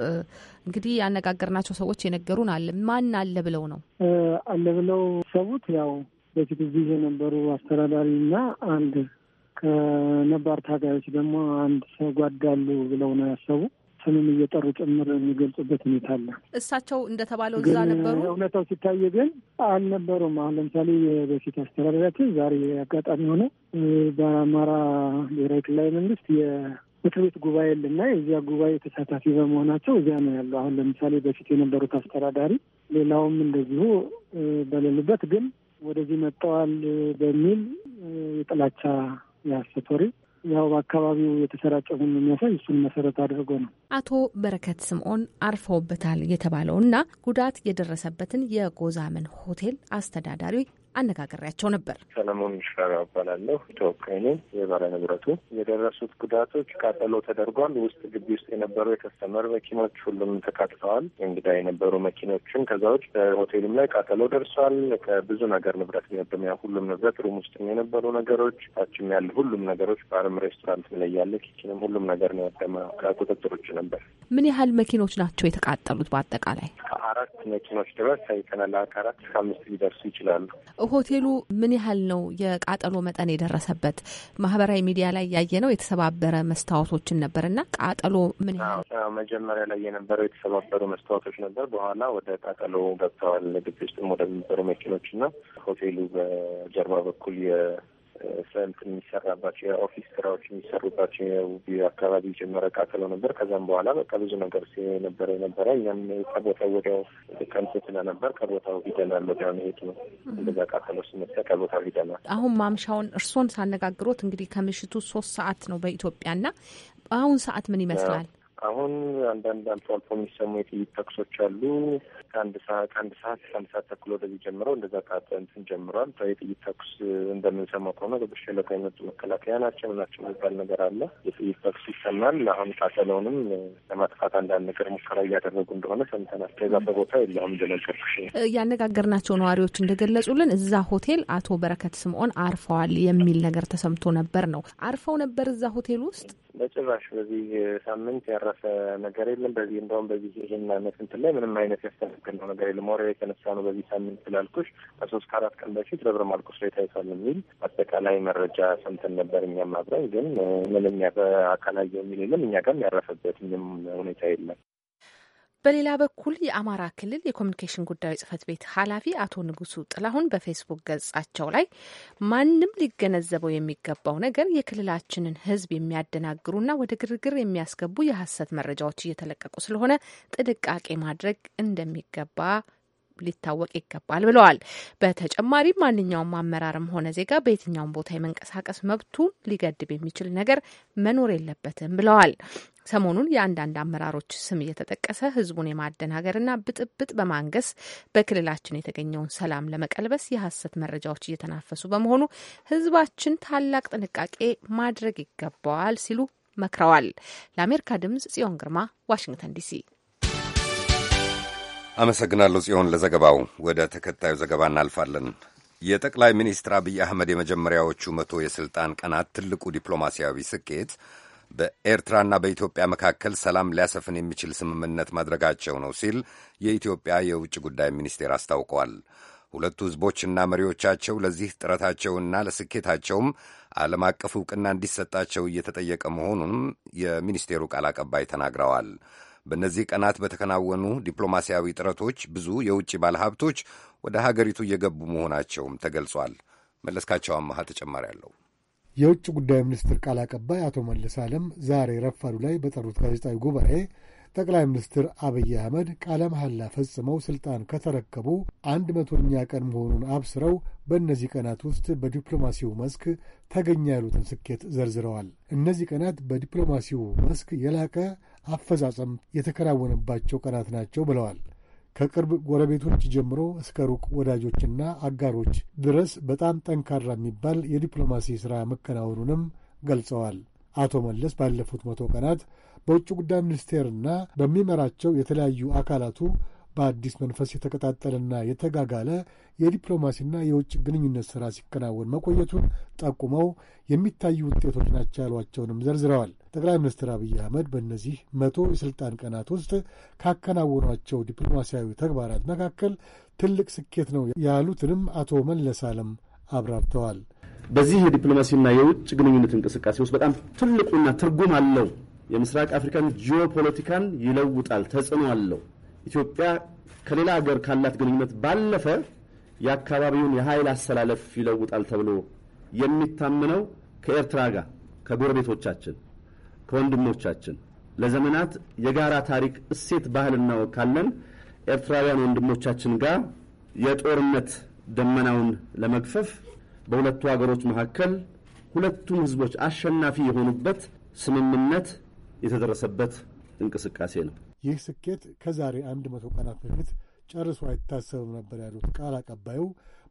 እንግዲህ ያነጋገርናቸው ሰዎች የነገሩን አለ ይመስላል? ማን አለ ብለው ነው አለ ብለው ሰቡት። ያው በፊት እዚህ የነበሩ አስተዳዳሪ እና አንድ ከነባር ታጋዮች ደግሞ አንድ ሰው ጓዳሉ ብለው ነው ያሰቡ። ስምም እየጠሩ ጭምር የሚገልጹበት ሁኔታ አለ። እሳቸው እንደተባለው እዛ ነበሩ። እውነታው ሲታይ ግን አልነበሩም። አሁን ለምሳሌ የበፊት አስተዳዳሪያችን ዛሬ አጋጣሚ ሆነ በአማራ ብሔራዊ ክልላዊ መንግስት ምክር ቤት ጉባኤ ልና የዚያ ጉባኤ ተሳታፊ በመሆናቸው እዚያ ነው ያለው። አሁን ለምሳሌ በፊት የነበሩት አስተዳዳሪ ሌላውም እንደዚሁ በሌሉበት ግን ወደዚህ መጠዋል በሚል የጥላቻ የሐሰት ወሬ ያው በአካባቢው የተሰራጨ የሚያሳይ እሱን መሰረት አድርጎ ነው። አቶ በረከት ስምዖን አርፈውበታል የተባለው እና ጉዳት የደረሰበትን የጎዛመን ሆቴል አስተዳዳሪ አነጋግሬያቸው ነበር። ሰለሞን ሽፈራ እባላለሁ። ተወካይ ነኝ የባለ ንብረቱ። የደረሱት ጉዳቶች ቃጠሎ ተደርጓል። ውስጥ ግቢ ውስጥ የነበሩ የከስተመር መኪኖች ሁሉም ተቃጥለዋል። እንግዳ የነበሩ መኪኖችን ከዛዎች በሆቴሉም ላይ ቃጠሎ ደርሷል። ከብዙ ነገር ንብረት ቢወድም ያ ሁሉም ንብረት ሩም ውስጥ የነበሩ ነገሮች ታችም ያለ ሁሉም ነገሮች ባርም፣ ሬስቶራንት ላይ ያለ ኪችንም ሁሉም ነገር ነው ያደመ ከቁጥጥሮች ነበር። ምን ያህል መኪኖች ናቸው የተቃጠሉት? በአጠቃላይ ከአራት መኪኖች ድረስ አይተናል። ከአራት እስከ አምስት ሊደርሱ ይችላሉ። ሆቴሉ ምን ያህል ነው የቃጠሎ መጠን የደረሰበት? ማህበራዊ ሚዲያ ላይ ያየ ነው የተሰባበረ መስታወቶችን ነበር እና ቃጠሎ ምን ያህል መጀመሪያ ላይ የነበረው የተሰባበሩ መስታወቶች ነበር። በኋላ ወደ ቃጠሎ ገብተዋል። ግቢ ውስጥም ወደሚበሩ መኪኖች እና ሆቴሉ በጀርባ በኩል እንትን የሚሰራባቸው የኦፊስ ስራዎች የሚሰሩባቸው የውቢ አካባቢ ጀመረ ቃጠሎ ነበር። ከዛም በኋላ በቃ ብዙ ነገር ነበረ የነበረ እኛም ከቦታ ወዲያው ቀንስ ስለነበር ከቦታው ሂደናል። ወዲያ መሄድ ነው እንደዛ ቃጠሎ ስመጣ ከቦታው ሂደናል። አሁን ማምሻውን እርስዎን ሳነጋግሮት እንግዲህ ከምሽቱ ሶስት ሰዓት ነው በኢትዮጵያ ና በአሁን ሰዓት ምን ይመስላል? አሁን አንዳንድ አልፎ አልፎ የሚሰሙ የጥይት ተኩሶች አሉ። ከአንድ ሰዓት ከአንድ ሰዓት ከአንድ ሰዓት ተኩል ወደዚህ ጀምረው እንደዛ ቃጠ እንትን ጀምሯል። የጥይት ተኩስ እንደምንሰማው ከሆነ በብር ሸለቃ የመጡ መከላከያ ናቸው ናቸው የሚባል ነገር አለ። የጥይት ተኩስ ይሰማል። አሁን ቃጠለውንም ለማጥፋት አንዳንድ ነገር ሙከራ እያደረጉ እንደሆነ ሰምተናል። ከዛ በቦታ የለሁም እንደነገርኩሽ ያነጋገርናቸው ነዋሪዎች እንደገለጹልን እዛ ሆቴል አቶ በረከት ስምኦን አርፈዋል የሚል ነገር ተሰምቶ ነበር ነው። አርፈው ነበር እዛ ሆቴል ውስጥ በጭራሽ በዚህ ሳምንት ያራ የተረፈ ነገር የለም። በዚህ እንደውም በዚህ ይህን አይነት እንትን ላይ ምንም አይነት ያስተናገድነው ነገር የለም። ወሬ የተነሳ ነው። በዚህ ሳምንት ስላልኩሽ ከሶስት ከአራት ቀን በፊት ደብረ ማርቆስ ላይ ታይቷል የሚል አጠቃላይ መረጃ ሰምተን ነበር። እኛም አብረን ግን ምንም በአካላየ የሚል የለም። እኛ ጋርም ያረፈበት ምንም ሁኔታ የለም። በሌላ በኩል የአማራ ክልል የኮሚኒኬሽን ጉዳዮች ጽህፈት ቤት ኃላፊ አቶ ንጉሱ ጥላሁን በፌስቡክ ገጻቸው ላይ ማንም ሊገነዘበው የሚገባው ነገር የክልላችንን ሕዝብ የሚያደናግሩና ወደ ግርግር የሚያስገቡ የሐሰት መረጃዎች እየተለቀቁ ስለሆነ ጥንቃቄ ማድረግ እንደሚገባ ሊታወቅ ይገባል ብለዋል። በተጨማሪም ማንኛውም አመራርም ሆነ ዜጋ በየትኛውም ቦታ የመንቀሳቀስ መብቱን ሊገድብ የሚችል ነገር መኖር የለበትም ብለዋል። ሰሞኑን የአንዳንድ አመራሮች ስም እየተጠቀሰ ህዝቡን የማደናገርና ብጥብጥ በማንገስ በክልላችን የተገኘውን ሰላም ለመቀልበስ የሐሰት መረጃዎች እየተናፈሱ በመሆኑ ህዝባችን ታላቅ ጥንቃቄ ማድረግ ይገባዋል ሲሉ መክረዋል። ለአሜሪካ ድምጽ ጽዮን ግርማ ዋሽንግተን ዲሲ። አመሰግናለሁ ጽዮን ለዘገባው። ወደ ተከታዩ ዘገባ እናልፋለን። የጠቅላይ ሚኒስትር አብይ አህመድ የመጀመሪያዎቹ መቶ የሥልጣን ቀናት ትልቁ ዲፕሎማሲያዊ ስኬት በኤርትራና በኢትዮጵያ መካከል ሰላም ሊያሰፍን የሚችል ስምምነት ማድረጋቸው ነው ሲል የኢትዮጵያ የውጭ ጉዳይ ሚኒስቴር አስታውቋል። ሁለቱ ሕዝቦችና መሪዎቻቸው ለዚህ ጥረታቸውና ለስኬታቸውም ዓለም አቀፍ ዕውቅና እንዲሰጣቸው እየተጠየቀ መሆኑንም የሚኒስቴሩ ቃል አቀባይ ተናግረዋል። በእነዚህ ቀናት በተከናወኑ ዲፕሎማሲያዊ ጥረቶች ብዙ የውጭ ባለሀብቶች ወደ ሀገሪቱ እየገቡ መሆናቸውም ተገልጿል። መለስካቸው አማሃ ተጨማሪ አለው። የውጭ ጉዳይ ሚኒስትር ቃል አቀባይ አቶ መለስ ዓለም ዛሬ ረፋዱ ላይ በጠሩት ጋዜጣዊ ጉባኤ ጠቅላይ ሚኒስትር አብይ አህመድ ቃለ መሐላ ፈጽመው ስልጣን ከተረከቡ አንድ መቶኛ ቀን መሆኑን አብስረው በእነዚህ ቀናት ውስጥ በዲፕሎማሲው መስክ ተገኘ ያሉትን ስኬት ዘርዝረዋል። እነዚህ ቀናት በዲፕሎማሲው መስክ የላቀ አፈጻጸም የተከናወነባቸው ቀናት ናቸው ብለዋል። ከቅርብ ጎረቤቶች ጀምሮ እስከ ሩቅ ወዳጆችና አጋሮች ድረስ በጣም ጠንካራ የሚባል የዲፕሎማሲ ሥራ መከናወኑንም ገልጸዋል። አቶ መለስ ባለፉት መቶ ቀናት በውጭ ጉዳይ ሚኒስቴርና በሚመራቸው የተለያዩ አካላቱ በአዲስ መንፈስ የተቀጣጠለና የተጋጋለ የዲፕሎማሲና የውጭ ግንኙነት ሥራ ሲከናወን መቆየቱን ጠቁመው የሚታዩ ውጤቶች ናቸው ያሏቸውንም ዘርዝረዋል። ጠቅላይ ሚኒስትር አብይ አህመድ በእነዚህ መቶ የሥልጣን ቀናት ውስጥ ካከናወኗቸው ዲፕሎማሲያዊ ተግባራት መካከል ትልቅ ስኬት ነው ያሉትንም አቶ መለስ አለም አብራርተዋል። በዚህ የዲፕሎማሲና የውጭ ግንኙነት እንቅስቃሴ ውስጥ በጣም ትልቁና ትርጉም አለው የምስራቅ አፍሪካን ጂኦፖለቲካን ይለውጣል፣ ተጽዕኖ አለው። ኢትዮጵያ ከሌላ ሀገር ካላት ግንኙነት ባለፈ የአካባቢውን የኃይል አሰላለፍ ይለውጣል ተብሎ የሚታመነው ከኤርትራ ጋር ከጎረቤቶቻችን ከወንድሞቻችን ለዘመናት የጋራ ታሪክ፣ እሴት፣ ባህልና ወግ ካለን ኤርትራውያን ወንድሞቻችን ጋር የጦርነት ደመናውን ለመግፈፍ በሁለቱ ሀገሮች መካከል ሁለቱም ህዝቦች አሸናፊ የሆኑበት ስምምነት የተደረሰበት እንቅስቃሴ ነው። ይህ ስኬት ከዛሬ አንድ መቶ ቀናት በፊት ጨርሶ አይታሰብም ነበር ያሉት ቃል አቀባዩ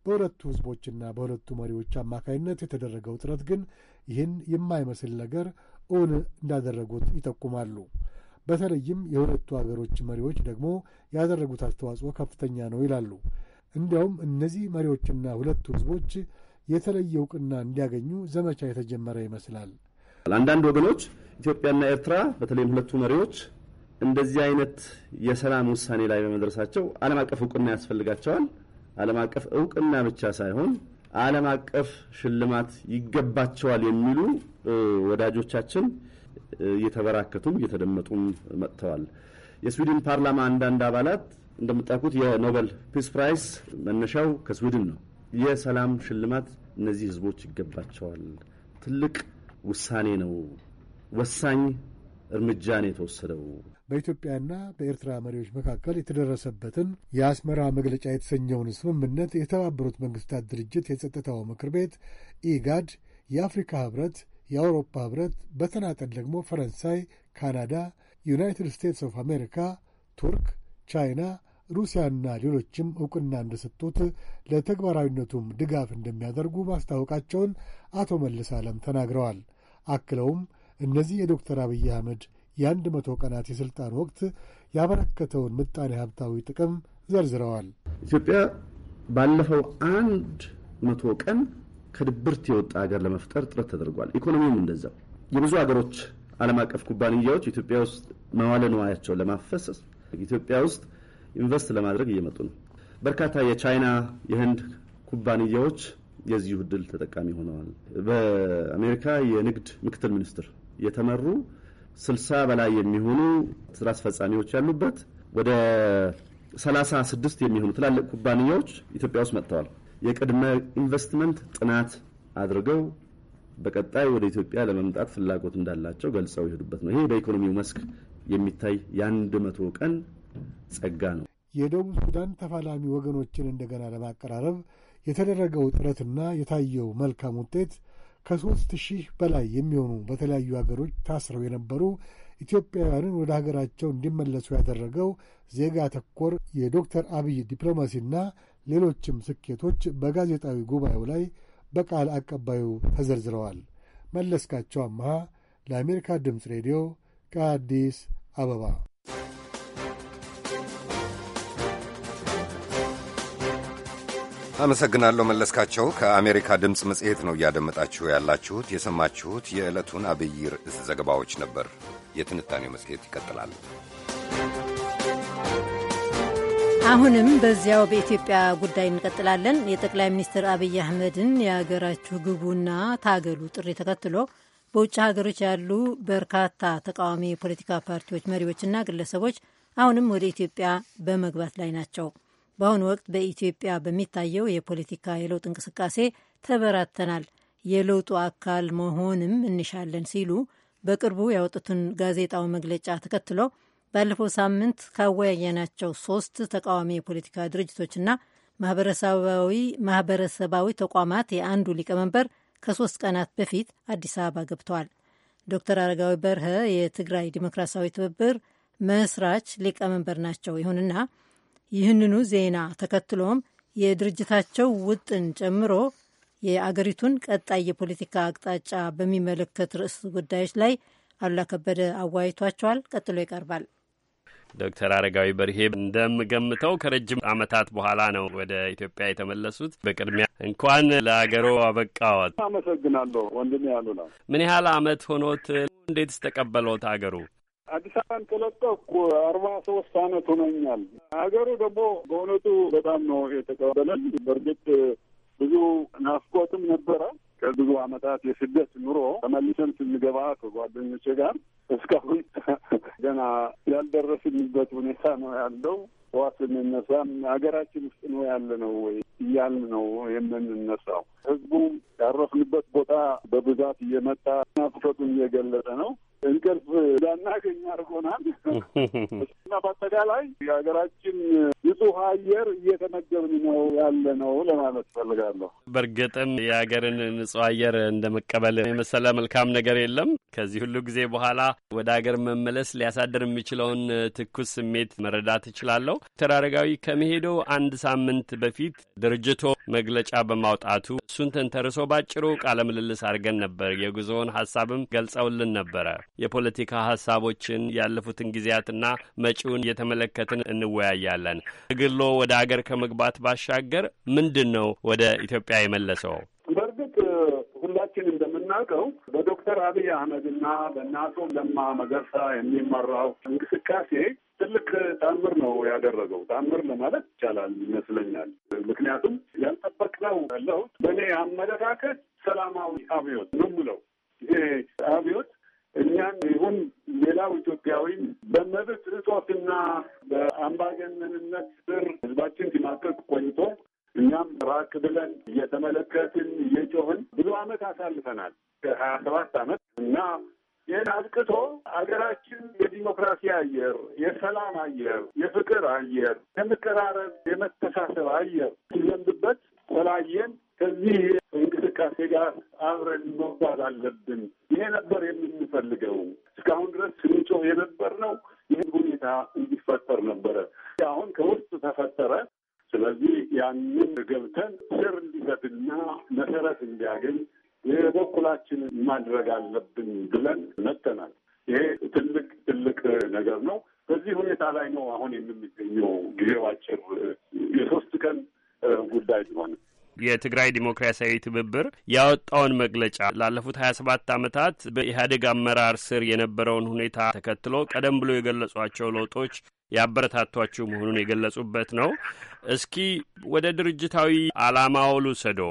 በሁለቱ ህዝቦችና በሁለቱ መሪዎች አማካይነት የተደረገው ጥረት ግን ይህን የማይመስል ነገር እውን እንዳደረጉት ይጠቁማሉ። በተለይም የሁለቱ አገሮች መሪዎች ደግሞ ያደረጉት አስተዋጽኦ ከፍተኛ ነው ይላሉ። እንዲያውም እነዚህ መሪዎችና ሁለቱ ህዝቦች የተለየ እውቅና እንዲያገኙ ዘመቻ የተጀመረ ይመስላል። አንዳንድ ወገኖች ኢትዮጵያና ኤርትራ በተለይም ሁለቱ መሪዎች እንደዚህ አይነት የሰላም ውሳኔ ላይ በመድረሳቸው ዓለም አቀፍ እውቅና ያስፈልጋቸዋል። ዓለም አቀፍ እውቅና ብቻ ሳይሆን ዓለም አቀፍ ሽልማት ይገባቸዋል የሚሉ ወዳጆቻችን እየተበራከቱም እየተደመጡም መጥተዋል። የስዊድን ፓርላማ አንዳንድ አባላት እንደምታውቁት የኖበል ፒስ ፕራይስ መነሻው ከስዊድን ነው። የሰላም ሽልማት እነዚህ ህዝቦች ይገባቸዋል። ትልቅ ውሳኔ ነው። ወሳኝ እርምጃ ነው የተወሰደው። በኢትዮጵያና በኤርትራ መሪዎች መካከል የተደረሰበትን የአስመራ መግለጫ የተሰኘውን ስምምነት የተባበሩት መንግስታት ድርጅት የጸጥታው ምክር ቤት፣ ኢጋድ፣ የአፍሪካ ህብረት፣ የአውሮፓ ህብረት፣ በተናጠል ደግሞ ፈረንሳይ፣ ካናዳ፣ ዩናይትድ ስቴትስ ኦፍ አሜሪካ፣ ቱርክ፣ ቻይና ሩሲያና ሌሎችም እውቅና እንደሰጡት ለተግባራዊነቱም ድጋፍ እንደሚያደርጉ ማስታወቃቸውን አቶ መለስ ዓለም ተናግረዋል። አክለውም እነዚህ የዶክተር አብይ አህመድ የአንድ መቶ ቀናት የሥልጣን ወቅት ያበረከተውን ምጣኔ ሀብታዊ ጥቅም ዘርዝረዋል። ኢትዮጵያ ባለፈው አንድ መቶ ቀን ከድብርት የወጣ ሀገር ለመፍጠር ጥረት ተደርጓል። ኢኮኖሚውም እንደዛው የብዙ ሀገሮች ዓለም አቀፍ ኩባንያዎች ኢትዮጵያ ውስጥ መዋለ ንዋያቸውን ለማፈሰስ ኢትዮጵያ ውስጥ ኢንቨስት ለማድረግ እየመጡ ነው። በርካታ የቻይና የህንድ ኩባንያዎች የዚሁ እድል ተጠቃሚ ሆነዋል። በአሜሪካ የንግድ ምክትል ሚኒስትር የተመሩ ስልሳ በላይ የሚሆኑ ስራ አስፈጻሚዎች ያሉበት ወደ ሰላሳ ስድስት የሚሆኑ ትላልቅ ኩባንያዎች ኢትዮጵያ ውስጥ መጥተዋል። የቅድመ ኢንቨስትመንት ጥናት አድርገው በቀጣይ ወደ ኢትዮጵያ ለመምጣት ፍላጎት እንዳላቸው ገልጸው ይሄዱበት ነው። ይሄ በኢኮኖሚው መስክ የሚታይ የአንድ መቶ ቀን ጸጋ ነው። የደቡብ ሱዳን ተፋላሚ ወገኖችን እንደገና ለማቀራረብ የተደረገው ጥረትና የታየው መልካም ውጤት ከሦስት ሺህ በላይ የሚሆኑ በተለያዩ አገሮች ታስረው የነበሩ ኢትዮጵያውያንን ወደ ሀገራቸው እንዲመለሱ ያደረገው ዜጋ ተኮር የዶክተር አብይ ዲፕሎማሲና ሌሎችም ስኬቶች በጋዜጣዊ ጉባኤው ላይ በቃል አቀባዩ ተዘርዝረዋል። መለስካቸው አመሃ ለአሜሪካ ድምፅ ሬዲዮ ከአዲስ አበባ አመሰግናለሁ መለስካቸው። ከአሜሪካ ድምፅ መጽሔት ነው እያደመጣችሁ ያላችሁት። የሰማችሁት የዕለቱን አብይ ርዕስ ዘገባዎች ነበር። የትንታኔው መጽሔት ይቀጥላል። አሁንም በዚያው በኢትዮጵያ ጉዳይ እንቀጥላለን። የጠቅላይ ሚኒስትር አብይ አህመድን የአገራችሁ ግቡና ታገሉ ጥሪ ተከትሎ በውጭ ሀገሮች ያሉ በርካታ ተቃዋሚ የፖለቲካ ፓርቲዎች መሪዎችና ግለሰቦች አሁንም ወደ ኢትዮጵያ በመግባት ላይ ናቸው። በአሁኑ ወቅት በኢትዮጵያ በሚታየው የፖለቲካ የለውጥ እንቅስቃሴ ተበራተናል፣ የለውጡ አካል መሆንም እንሻለን ሲሉ በቅርቡ ያወጡትን ጋዜጣዊ መግለጫ ተከትሎ ባለፈው ሳምንት ካወያየናቸው ሶስት ተቃዋሚ የፖለቲካ ድርጅቶችና ማህበረሰባዊ ተቋማት የአንዱ ሊቀመንበር ከሶስት ቀናት በፊት አዲስ አበባ ገብተዋል። ዶክተር አረጋዊ በርሀ የትግራይ ዲሞክራሲያዊ ትብብር መስራች ሊቀመንበር ናቸው። ይሁንና ይህንኑ ዜና ተከትሎም የድርጅታቸው ውጥን ጨምሮ የአገሪቱን ቀጣይ የፖለቲካ አቅጣጫ በሚመለከት ርዕስ ጉዳዮች ላይ አሉላ ከበደ አዋይቷቸዋል። ቀጥሎ ይቀርባል። ዶክተር አረጋዊ በርሄ እንደምገምተው ከረጅም ዓመታት በኋላ ነው ወደ ኢትዮጵያ የተመለሱት። በቅድሚያ እንኳን ለአገሮ አበቃዎት። አመሰግናለሁ ወንድሜ ያሉላ። ምን ያህል አመት ሆኖት? እንዴትስ ተቀበሎት አገሩ? አዲስ አበባን ከለቀኩ አርባ ሶስት አመት ሆነኛል ሀገሩ ደግሞ በእውነቱ በጣም ነው የተቀበለን። በእርግጥ ብዙ ናፍቆትም ነበረ። ከብዙ አመታት የስደት ኑሮ ተመልሰን ስንገባ ከጓደኞቼ ጋር እስካሁን [LAUGHS] ገና ያልደረስንበት ሁኔታ ነው ያለው። ጠዋት ስንነሳም ሀገራችን ውስጥ ነው ያለ ነው ወይ እያልን ነው የምንነሳው። ህዝቡ ያረፍንበት ቦታ በብዛት እየመጣ ናፍቆቱን እየገለጠ ነው። እንቅልፍ እንዳናገኝ አድርጎናል እና በአጠቃላይ የሀገራችን ንጹህ አየር እየተመገብን ነው ያለ ነው ለማለት ፈልጋለሁ። በእርግጥም የሀገርን ንጹህ አየር እንደ መቀበል የመሰለ መልካም ነገር የለም። ከዚህ ሁሉ ጊዜ በኋላ ወደ ሀገር መመለስ ሊያሳድር የሚችለውን ትኩስ ስሜት መረዳት እችላለሁ። ዶክተር አረጋዊ አንድ ሳምንት በፊት ድርጅቶ መግለጫ በማውጣቱ እሱን ተንተርሶ ባጭሩ ቃለ ምልልስ አድርገን ነበር። የጉዞውን ሀሳብም ገልጸውልን ነበረ። የፖለቲካ ሀሳቦችን ያለፉትን ጊዜያትና መጪውን እየተመለከትን እንወያያለን። እግሎ ወደ አገር ከመግባት ባሻገር ምንድን ነው ወደ ኢትዮጵያ የመለሰው? በእርግጥ ሁላችን እንደምናውቀው በዶክተር አብይ አህመድና በእነ ለማ መገርሳ የሚመራው እንቅስቃሴ ትልቅ ታምር ነው ያደረገው። ታምር ለማለት ይቻላል ይመስለኛል። ምክንያቱም ያልጠበቅነው ለውጥ በእኔ አመለካከት ሰላማዊ አብዮት ነው የምለው ይሄ አብዮት እኛን ይሁን ሌላው ኢትዮጵያዊን በመብት እጦትና በአምባገነንነት ስር ህዝባችን ሲማቀቅ ቆይቶ እኛም ራቅ ብለን እየተመለከትን እየጮህን ብዙ አመት አሳልፈናል። ከሀያ ሰባት አመት እና ይህን አብቅቶ አገራችን የዲሞክራሲ አየር፣ የሰላም አየር፣ የፍቅር አየር፣ የመቀራረብ የመተሳሰብ አየር ሲዘንብበት ቆላየን። ከዚህ እንቅስቃሴ ጋር አብረን መጓዝ አለብን። ይሄ ነበር የምንፈልገው። እስካሁን ድረስ ስንጮህ የነበር ነው። ይህን ሁኔታ እንዲፈጠር ነበረ። አሁን ከውስጥ ተፈጠረ። ስለዚህ ያንን ገብተን ስር እንዲሰትና መሰረት እንዲያገኝ የበኩላችንን ማድረግ አለብን ብለን መጥተናል። ይሄ ትልቅ ትልቅ ነገር ነው። በዚህ ሁኔታ ላይ ነው አሁን የምንገኘው። ጊዜው አጭር የሶስት ቀን ጉዳይ ሲሆን የትግራይ ዲሞክራሲያዊ ትብብር ያወጣውን መግለጫ ላለፉት ሀያ ሰባት አመታት በኢህአዴግ አመራር ስር የነበረውን ሁኔታ ተከትሎ ቀደም ብሎ የገለጿቸው ለውጦች ያበረታቷችሁ መሆኑን የገለጹበት ነው። እስኪ ወደ ድርጅታዊ አላማው ልውሰዶ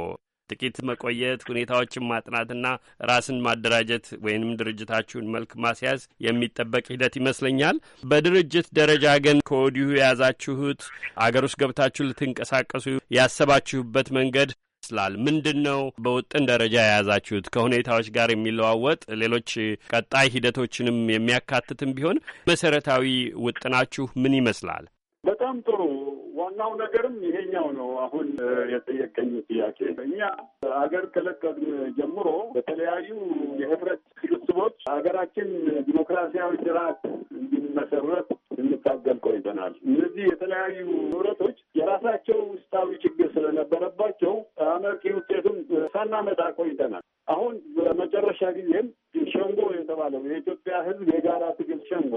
ጥቂት መቆየት፣ ሁኔታዎችን ማጥናትና ራስን ማደራጀት ወይንም ድርጅታችሁን መልክ ማስያዝ የሚጠበቅ ሂደት ይመስለኛል። በድርጅት ደረጃ ግን ከወዲሁ የያዛችሁት አገር ውስጥ ገብታችሁ ልትንቀሳቀሱ ያሰባችሁበት መንገድ ይመስላል ምንድን ነው? በውጥን ደረጃ የያዛችሁት ከሁኔታዎች ጋር የሚለዋወጥ ሌሎች ቀጣይ ሂደቶችንም የሚያካትትም ቢሆን መሰረታዊ ውጥናችሁ ምን ይመስላል? በጣም ጥሩ ዋናው ነገርም ይሄኛው ነው። አሁን የጠየቀኝ ጥያቄ እኛ አገር ከለቀቅን ጀምሮ በተለያዩ የህብረት ስብስቦች ሀገራችን ዲሞክራሲያዊ ስርዓት እንዲመሰረት እንታገል ቆይተናል። እነዚህ የተለያዩ ህብረቶች የራሳቸው ውስጣዊ ችግር ስለነበረባቸው አመርቂ ውጤቱም ሳናመጣ ቆይተናል። አሁን በመጨረሻ ጊዜም ሸንጎ የተባለው የኢትዮጵያ ህዝብ የጋራ ትግል ሸንጎ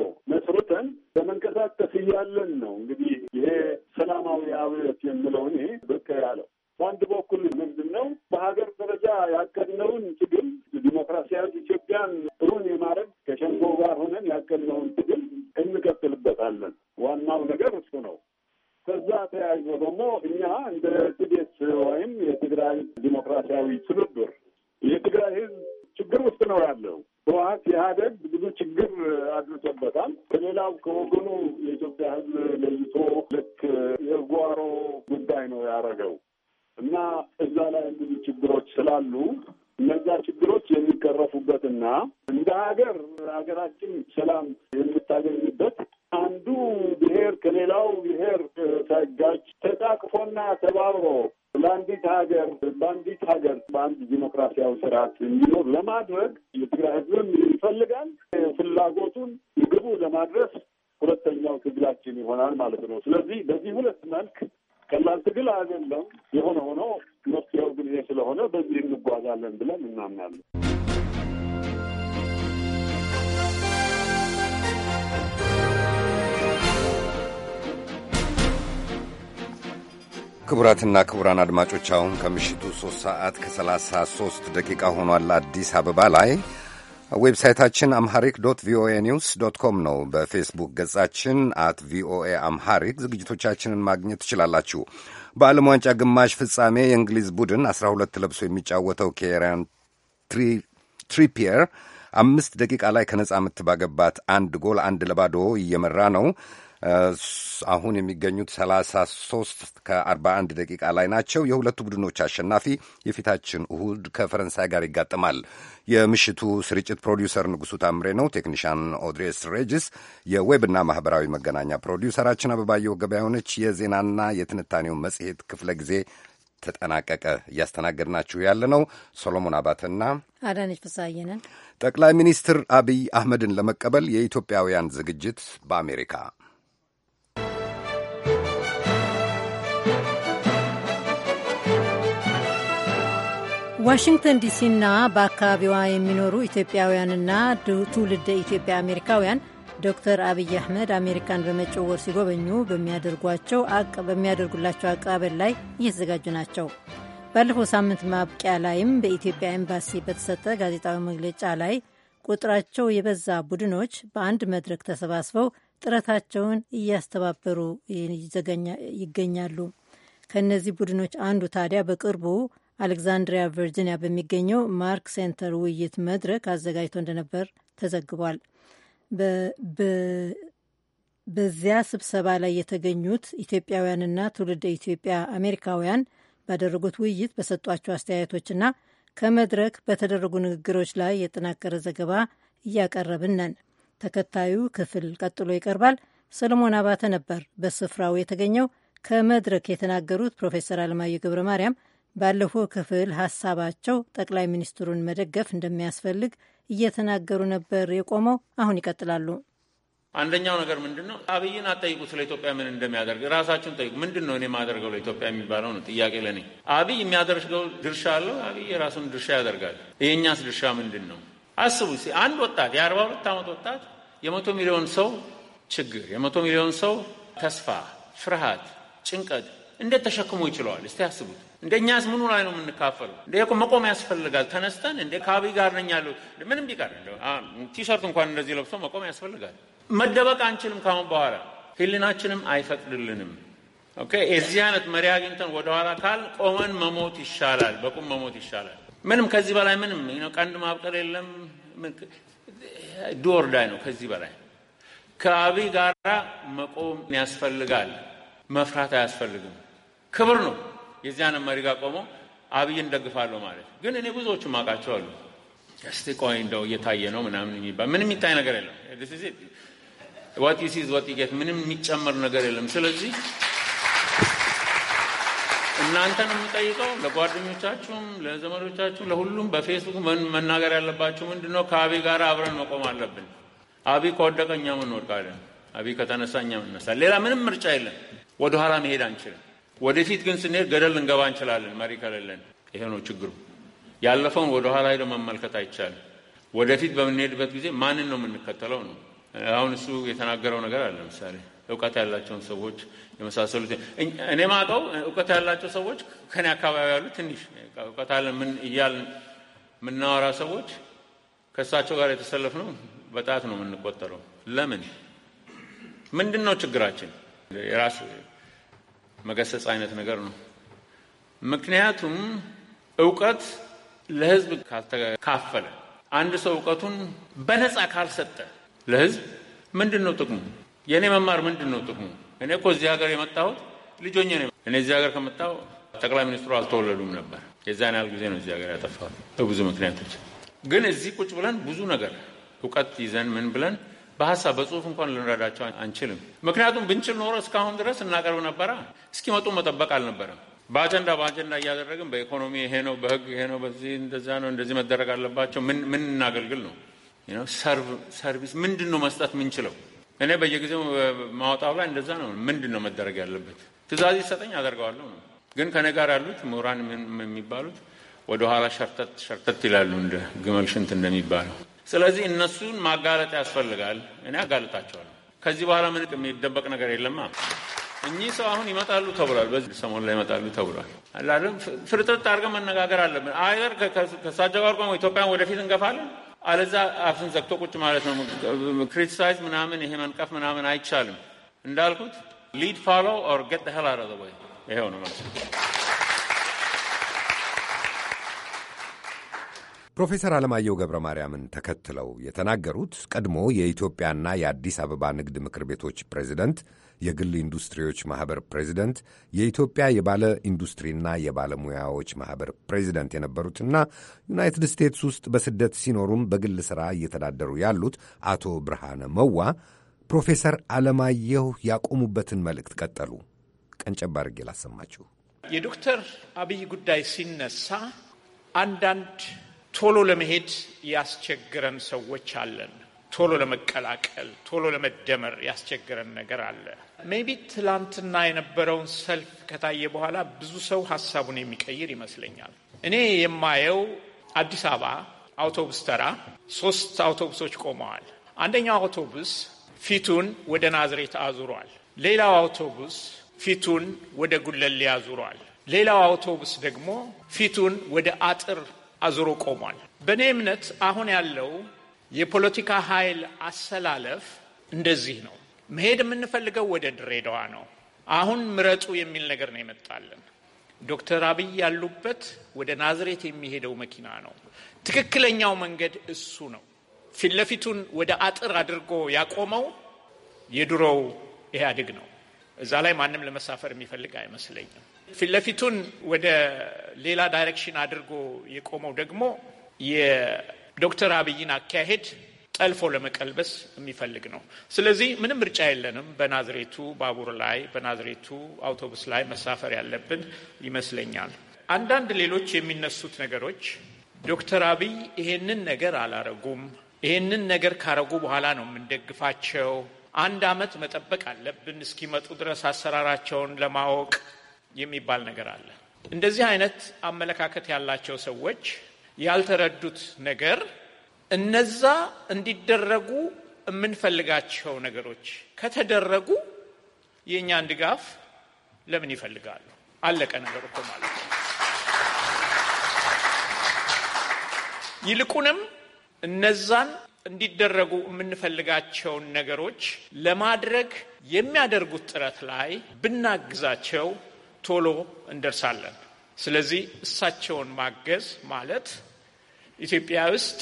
ክቡራትና ክቡራን አድማጮች አሁን ከምሽቱ 3 ሰዓት ከ33 ደቂቃ ሆኗል። አዲስ አበባ ላይ ዌብሳይታችን አምሐሪክ ዶት ቪኦኤ ኒውስ ዶት ኮም ነው። በፌስቡክ ገጻችን አት ቪኦኤ አምሐሪክ ዝግጅቶቻችንን ማግኘት ትችላላችሁ። በዓለም ዋንጫ ግማሽ ፍጻሜ የእንግሊዝ ቡድን 12 ለብሶ የሚጫወተው ኬራን ትሪፒየር አምስት ደቂቃ ላይ ከነጻ ምት ባገባት አንድ ጎል አንድ ለባዶ እየመራ ነው። አሁን የሚገኙት 33 ከ41 ደቂቃ ላይ ናቸው። የሁለቱ ቡድኖች አሸናፊ የፊታችን እሁድ ከፈረንሳይ ጋር ይጋጥማል። የምሽቱ ስርጭት ፕሮዲውሰር ንጉሡ ታምሬ ነው። ቴክኒሻን ኦድሬስ ሬጅስ፣ የዌብና ማኅበራዊ መገናኛ ፕሮዲውሰራችን አበባየሁ ገበያ ሆነች። የዜናና የትንታኔው መጽሔት ክፍለ ጊዜ ተጠናቀቀ። እያስተናገድናችሁ ያለ ነው ሶሎሞን አባተና አዳነች ፍስሐየንን። ጠቅላይ ሚኒስትር አብይ አህመድን ለመቀበል የኢትዮጵያውያን ዝግጅት በአሜሪካ ዋሽንግተን ዲሲና በአካባቢዋ የሚኖሩ ኢትዮጵያውያንና ትውልደ ኢትዮጵያ አሜሪካውያን ዶክተር አብይ አህመድ አሜሪካን በመጪው ወር ሲጎበኙ በሚያደርጓቸው በሚያደርጉላቸው አቀባበል ላይ እየተዘጋጁ ናቸው። ባለፈው ሳምንት ማብቂያ ላይም በኢትዮጵያ ኤምባሲ በተሰጠ ጋዜጣዊ መግለጫ ላይ ቁጥራቸው የበዛ ቡድኖች በአንድ መድረክ ተሰባስበው ጥረታቸውን እያስተባበሩ ይገኛሉ። ከእነዚህ ቡድኖች አንዱ ታዲያ በቅርቡ አሌክዛንድሪያ ቨርጂኒያ በሚገኘው ማርክ ሴንተር ውይይት መድረክ አዘጋጅቶ እንደነበር ተዘግቧል። በዚያ ስብሰባ ላይ የተገኙት ኢትዮጵያውያንና ትውልደ ኢትዮጵያ አሜሪካውያን ባደረጉት ውይይት በሰጧቸው አስተያየቶችና ከመድረክ በተደረጉ ንግግሮች ላይ የጠናቀረ ዘገባ እያቀረብን ነን። ተከታዩ ክፍል ቀጥሎ ይቀርባል። ሰለሞን አባተ ነበር በስፍራው የተገኘው። ከመድረክ የተናገሩት ፕሮፌሰር አለማየሁ ገብረ ማርያም ባለፈው ክፍል ሀሳባቸው ጠቅላይ ሚኒስትሩን መደገፍ እንደሚያስፈልግ እየተናገሩ ነበር የቆመው። አሁን ይቀጥላሉ። አንደኛው ነገር ምንድን ነው? አብይን አጠይቁ ስለ ኢትዮጵያ ምን እንደሚያደርግ ራሳችሁን ጠይቁ። ምንድን ነው እኔ የማደርገው ለኢትዮጵያ የሚባለው ነው ጥያቄ ለእኔ። አብይ የሚያደርገው ድርሻ አለው። አብይ የራሱን ድርሻ ያደርጋል። የእኛስ ድርሻ ምንድን ነው? አስቡ። አንድ ወጣት የአርባ ሁለት ዓመት ወጣት የመቶ ሚሊዮን ሰው ችግር፣ የመቶ ሚሊዮን ሰው ተስፋ፣ ፍርሃት፣ ጭንቀት እንዴት ተሸክሞ ይችለዋል? እስቲ አስቡት። እንደኛስ ምኑ ላይ ነው የምንካፈለው? እንደ መቆም ያስፈልጋል። ተነስተን እንደ ከአብይ ጋር ነኝ ያለው ምንም ቢቀር ቲሸርት እንኳን እንደዚህ ለብሶ መቆም ያስፈልጋል። መደበቅ አንችልም። ካሁን በኋላ ህሊናችንም አይፈቅድልንም። ኦኬ የዚህ አይነት መሪ አግኝተን ወደኋላ ካል ቆመን መሞት ይሻላል። በቁም መሞት ይሻላል። ምንም ከዚህ በላይ ምንም ቀንድ ማብቀል የለም። ዱር ነው። ከዚህ በላይ ከአብይ ጋራ መቆም ያስፈልጋል። መፍራት አያስፈልግም። ክብር ነው። የዚያንም መሪ ጋር ቆሞ አብይን ደግፋለሁ ማለት ግን እኔ ብዙዎቹ ማውቃቸው አሉ። እስቲ ቆይ እንደው እየታየ ነው ምናምን የሚባል ምንም የሚታይ ነገር የለም። ዋት ሲዝ ጌት። ምንም የሚጨመር ነገር የለም። ስለዚህ እናንተን የምጠይቀው ለጓደኞቻችሁም፣ ለዘመዶቻችሁም፣ ለሁሉም በፌስቡክ መናገር ያለባችሁ ምንድነው ነው? ከአብይ ጋር አብረን መቆም አለብን። አብይ ከወደቀ እኛም እንወድቃለን። አብይ ከተነሳ እኛም እንነሳለን። ሌላ ምንም ምርጫ የለም። ወደኋላ መሄድ አንችልም። ወደፊት ግን ስንሄድ ገደል ልንገባ እንችላለን መሪ ከሌለን። ይሄ ነው ችግሩ። ያለፈውን ወደ ኋላ ሄዶ መመልከት አይቻልም። ወደፊት በምንሄድበት ጊዜ ማንን ነው የምንከተለው ነው። አሁን እሱ የተናገረው ነገር አለ። ለምሳሌ እውቀት ያላቸውን ሰዎች የመሳሰሉት እኔ ማውቀው እውቀት ያላቸው ሰዎች ከኔ አካባቢ ያሉ ትንሽ እውቀት አለ ምን እያል የምናወራ ሰዎች ከእሳቸው ጋር የተሰለፍነው በጣት ነው የምንቆጠረው። ለምን ምንድን ነው ችግራችን? የራስ መገሰጽ አይነት ነገር ነው። ምክንያቱም እውቀት ለህዝብ ካልተካፈለ፣ አንድ ሰው እውቀቱን በነፃ ካልሰጠ ለህዝብ ምንድን ነው ጥቅሙ? የእኔ መማር ምንድን ነው ጥቅሙ? እኔ እኮ እዚህ ሀገር የመጣሁት ልጆኜ ነው። እኔ እዚህ ሀገር ከመጣሁ ጠቅላይ ሚኒስትሩ አልተወለዱም ነበር። የዛን ያህል ጊዜ ነው እዚህ ሀገር ያጠፋሁት በብዙ ምክንያቶች። ግን እዚህ ቁጭ ብለን ብዙ ነገር እውቀት ይዘን ምን ብለን በሀሳብ በጽሁፍ እንኳን ልንረዳቸው አንችልም። ምክንያቱም ብንችል ኖሮ እስካሁን ድረስ እናቀርብ ነበረ። እስኪመጡ መጠበቅ አልነበረም። በአጀንዳ በአጀንዳ እያደረግን በኢኮኖሚ ይሄ ነው፣ በህግ ይሄ ነው፣ በዚህ እንደዚያ ነው፣ እንደዚህ መደረግ አለባቸው። ምን ምን እናገልግል ነው ሰርቪስ ምንድን ነው መስጠት የምንችለው? እኔ በየጊዜው ማውጣው ላይ እንደዛ ነው። ምንድን ነው መደረግ ያለበት? ትእዛዝ ይሰጠኝ አደርገዋለሁ ነው። ግን ከኔ ጋር ያሉት ምሁራን የሚባሉት ወደኋላ ሸርተት ሸርተት ይላሉ፣ እንደ ግመል ሽንት እንደሚባለው ስለዚህ እነሱን ማጋለጥ ያስፈልጋል። እኔ አጋለጣቸዋለሁ። ከዚህ በኋላ ምን የሚደበቅ ነገር የለማ። እኚህ ሰው አሁን ይመጣሉ ተብሏል። በዚህ ሰሞን ላይ ይመጣሉ ተብሏል። አላለም። ፍርጥርጥ አድርገን መነጋገር አለብን። አይር ከሳቸው ጋር ቆሞ ኢትዮጵያን ወደፊት እንገፋለን፣ አለዛ አፍን ዘግቶ ቁጭ ማለት ነው። ክሪቲሳይዝ ምናምን ይሄ መንቀፍ ምናምን አይቻልም። እንዳልኩት ሊድ ፋሎ ኦር ጌት ሄል አረ ወይ ይሄው ነው ማለት ነው። ፕሮፌሰር አለማየሁ ገብረ ማርያምን ተከትለው የተናገሩት ቀድሞ የኢትዮጵያና የአዲስ አበባ ንግድ ምክር ቤቶች ፕሬዚደንት፣ የግል ኢንዱስትሪዎች ማኅበር ፕሬዚደንት፣ የኢትዮጵያ የባለ ኢንዱስትሪና የባለሙያዎች ማኅበር ፕሬዚደንት የነበሩትና ዩናይትድ ስቴትስ ውስጥ በስደት ሲኖሩም በግል ሥራ እየተዳደሩ ያሉት አቶ ብርሃነ መዋ ፕሮፌሰር አለማየሁ ያቆሙበትን መልእክት ቀጠሉ። ቀንጨብ አድርጌ ላሰማችሁ። የዶክተር አብይ ጉዳይ ሲነሳ አንዳንድ ቶሎ ለመሄድ ያስቸግረን ሰዎች አለን። ቶሎ ለመቀላቀል ቶሎ ለመደመር ያስቸግረን ነገር አለ። ሜቢ ትላንትና የነበረውን ሰልፍ ከታየ በኋላ ብዙ ሰው ሀሳቡን የሚቀይር ይመስለኛል። እኔ የማየው አዲስ አበባ አውቶቡስ ተራ ሶስት አውቶቡሶች ቆመዋል። አንደኛው አውቶቡስ ፊቱን ወደ ናዝሬት አዙሯል። ሌላው አውቶቡስ ፊቱን ወደ ጉለሌ አዙሯል። ሌላው አውቶቡስ ደግሞ ፊቱን ወደ አጥር አዙሮ ቆሟል። በእኔ እምነት አሁን ያለው የፖለቲካ ኃይል አሰላለፍ እንደዚህ ነው። መሄድ የምንፈልገው ወደ ድሬዳዋ ነው። አሁን ምረጡ የሚል ነገር ነው የመጣልን። ዶክተር አብይ ያሉበት ወደ ናዝሬት የሚሄደው መኪና ነው። ትክክለኛው መንገድ እሱ ነው። ፊት ለፊቱን ወደ አጥር አድርጎ ያቆመው የድሮው ኢህአዴግ ነው። እዛ ላይ ማንም ለመሳፈር የሚፈልግ አይመስለኝም። ፊት ለፊቱን ወደ ሌላ ዳይሬክሽን አድርጎ የቆመው ደግሞ የዶክተር አብይን አካሄድ ጠልፎ ለመቀልበስ የሚፈልግ ነው። ስለዚህ ምንም ምርጫ የለንም። በናዝሬቱ ባቡር ላይ፣ በናዝሬቱ አውቶቡስ ላይ መሳፈር ያለብን ይመስለኛል። አንዳንድ ሌሎች የሚነሱት ነገሮች ዶክተር አብይ ይሄንን ነገር አላረጉም፣ ይሄንን ነገር ካረጉ በኋላ ነው የምንደግፋቸው፣ አንድ አመት መጠበቅ አለብን እስኪመጡ ድረስ አሰራራቸውን ለማወቅ የሚባል ነገር አለ። እንደዚህ አይነት አመለካከት ያላቸው ሰዎች ያልተረዱት ነገር እነዛ እንዲደረጉ የምንፈልጋቸው ነገሮች ከተደረጉ የእኛን ድጋፍ ለምን ይፈልጋሉ? አለቀ ነገር እኮ ማለት ነው። ይልቁንም እነዛን እንዲደረጉ የምንፈልጋቸውን ነገሮች ለማድረግ የሚያደርጉት ጥረት ላይ ብናግዛቸው ቶሎ እንደርሳለን። ስለዚህ እሳቸውን ማገዝ ማለት ኢትዮጵያ ውስጥ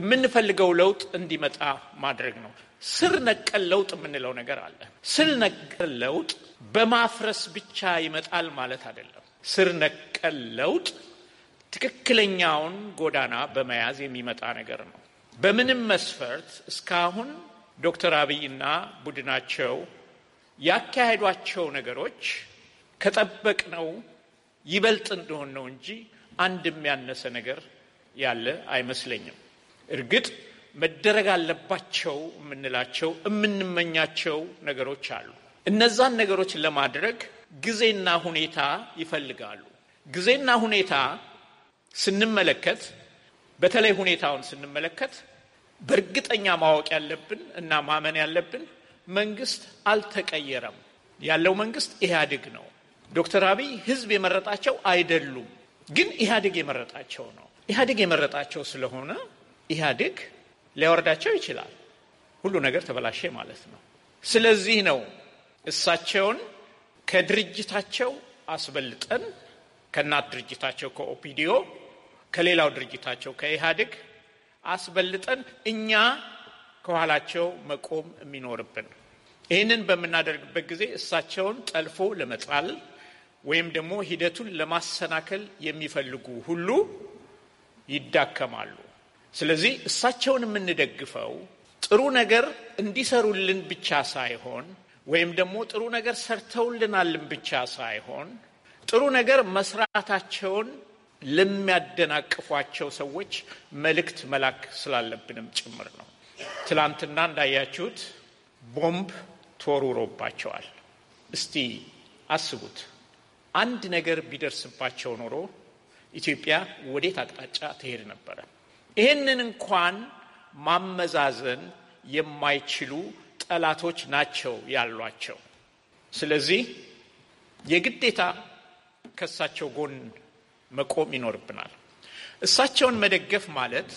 የምንፈልገው ለውጥ እንዲመጣ ማድረግ ነው። ስር ነቀል ለውጥ የምንለው ነገር አለ። ስር ነቀል ለውጥ በማፍረስ ብቻ ይመጣል ማለት አይደለም። ስር ነቀል ለውጥ ትክክለኛውን ጎዳና በመያዝ የሚመጣ ነገር ነው። በምንም መስፈርት እስካሁን ዶክተር አብይና ቡድናቸው ያካሄዷቸው ነገሮች ከጠበቅነው ይበልጥ እንደሆን ነው እንጂ አንድ የሚያነሰ ነገር ያለ አይመስለኝም። እርግጥ መደረግ አለባቸው የምንላቸው የምንመኛቸው ነገሮች አሉ። እነዛን ነገሮች ለማድረግ ጊዜና ሁኔታ ይፈልጋሉ። ጊዜና ሁኔታ ስንመለከት፣ በተለይ ሁኔታውን ስንመለከት በእርግጠኛ ማወቅ ያለብን እና ማመን ያለብን መንግስት አልተቀየረም። ያለው መንግስት ኢህአዴግ ነው። ዶክተር አብይ ህዝብ የመረጣቸው አይደሉም፣ ግን ኢህአዴግ የመረጣቸው ነው። ኢህአዴግ የመረጣቸው ስለሆነ ኢህአዴግ ሊያወርዳቸው ይችላል። ሁሉ ነገር ተበላሸ ማለት ነው። ስለዚህ ነው እሳቸውን ከድርጅታቸው አስበልጠን ከእናት ድርጅታቸው ከኦፒዲዮ ከሌላው ድርጅታቸው ከኢህአዴግ አስበልጠን እኛ ከኋላቸው መቆም የሚኖርብን። ይህንን በምናደርግበት ጊዜ እሳቸውን ጠልፎ ለመጣል ወይም ደግሞ ሂደቱን ለማሰናከል የሚፈልጉ ሁሉ ይዳከማሉ። ስለዚህ እሳቸውን የምንደግፈው ጥሩ ነገር እንዲሰሩልን ብቻ ሳይሆን ወይም ደግሞ ጥሩ ነገር ሰርተውልናልን ብቻ ሳይሆን ጥሩ ነገር መስራታቸውን ለሚያደናቅፏቸው ሰዎች መልእክት መላክ ስላለብንም ጭምር ነው። ትላንትና እንዳያችሁት ቦምብ ተወርውሮባቸዋል። እስቲ አስቡት። አንድ ነገር ቢደርስባቸው ኖሮ ኢትዮጵያ ወዴት አቅጣጫ ትሄድ ነበረ? ይህንን እንኳን ማመዛዘን የማይችሉ ጠላቶች ናቸው ያሏቸው። ስለዚህ የግዴታ ከእሳቸው ጎን መቆም ይኖርብናል። እሳቸውን መደገፍ ማለት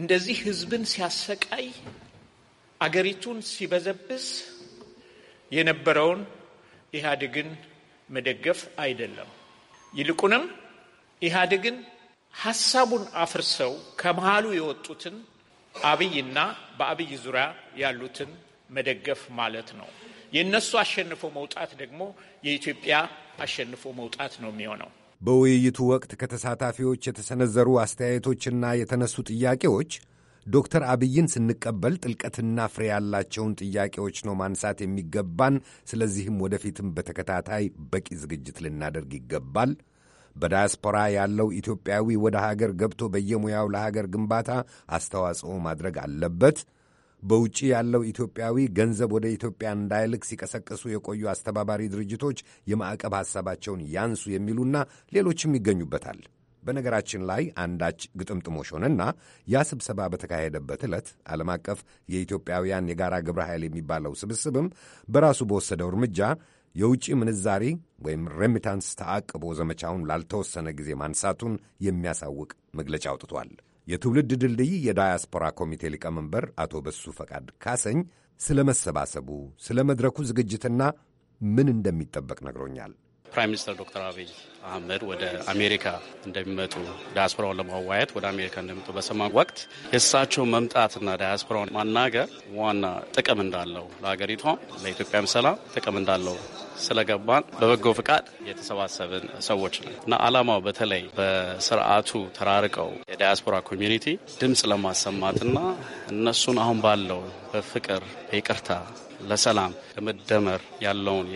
እንደዚህ ሕዝብን ሲያሰቃይ አገሪቱን ሲበዘብዝ የነበረውን ኢህአዴግን መደገፍ አይደለም። ይልቁንም ኢህአዴግን ሀሳቡን አፍርሰው ከመሃሉ የወጡትን አብይና በአብይ ዙሪያ ያሉትን መደገፍ ማለት ነው። የእነሱ አሸንፎ መውጣት ደግሞ የኢትዮጵያ አሸንፎ መውጣት ነው የሚሆነው። በውይይቱ ወቅት ከተሳታፊዎች የተሰነዘሩ አስተያየቶችና የተነሱ ጥያቄዎች ዶክተር አብይን ስንቀበል ጥልቀትና ፍሬ ያላቸውን ጥያቄዎች ነው ማንሳት የሚገባን። ስለዚህም ወደፊትም በተከታታይ በቂ ዝግጅት ልናደርግ ይገባል። በዳያስፖራ ያለው ኢትዮጵያዊ ወደ ሀገር ገብቶ በየሙያው ለሀገር ግንባታ አስተዋጽኦ ማድረግ አለበት። በውጭ ያለው ኢትዮጵያዊ ገንዘብ ወደ ኢትዮጵያ እንዳይልክ ሲቀሰቅሱ የቆዩ አስተባባሪ ድርጅቶች የማዕቀብ ሐሳባቸውን ያንሱ የሚሉና ሌሎችም ይገኙበታል። በነገራችን ላይ አንዳች ግጥምጥሞሽ ሆነና ያ ስብሰባ በተካሄደበት ዕለት ዓለም አቀፍ የኢትዮጵያውያን የጋራ ግብረ ኃይል የሚባለው ስብስብም በራሱ በወሰደው እርምጃ የውጭ ምንዛሪ ወይም ሬሚታንስ ተአቅቦ ዘመቻውን ላልተወሰነ ጊዜ ማንሳቱን የሚያሳውቅ መግለጫ አውጥቷል። የትውልድ ድልድይ የዳያስፖራ ኮሚቴ ሊቀመንበር አቶ በሱ ፈቃድ ካሰኝ ስለ መሰባሰቡ፣ ስለ መድረኩ ዝግጅትና ምን እንደሚጠበቅ ነግሮኛል። ፕራይም ሚኒስትር ዶክተር አብይ አህመድ ወደ አሜሪካ እንደሚመጡ ዲያስፖራውን ለማዋየት ወደ አሜሪካ እንደሚመጡ በሰማ ወቅት የእሳቸው መምጣትና ዳያስፖራውን ማናገር ዋና ጥቅም እንዳለው ለሀገሪቷ ለኢትዮጵያም ሰላም ጥቅም እንዳለው ስለገባን በበጎ ፍቃድ የተሰባሰብን ሰዎች ነው እና አላማው በተለይ በስርዓቱ ተራርቀው የዳያስፖራ ኮሚኒቲ ድምፅ ለማሰማትና እነሱን አሁን ባለው በፍቅር በይቅርታ ለሰላም ለመደመር ያለውን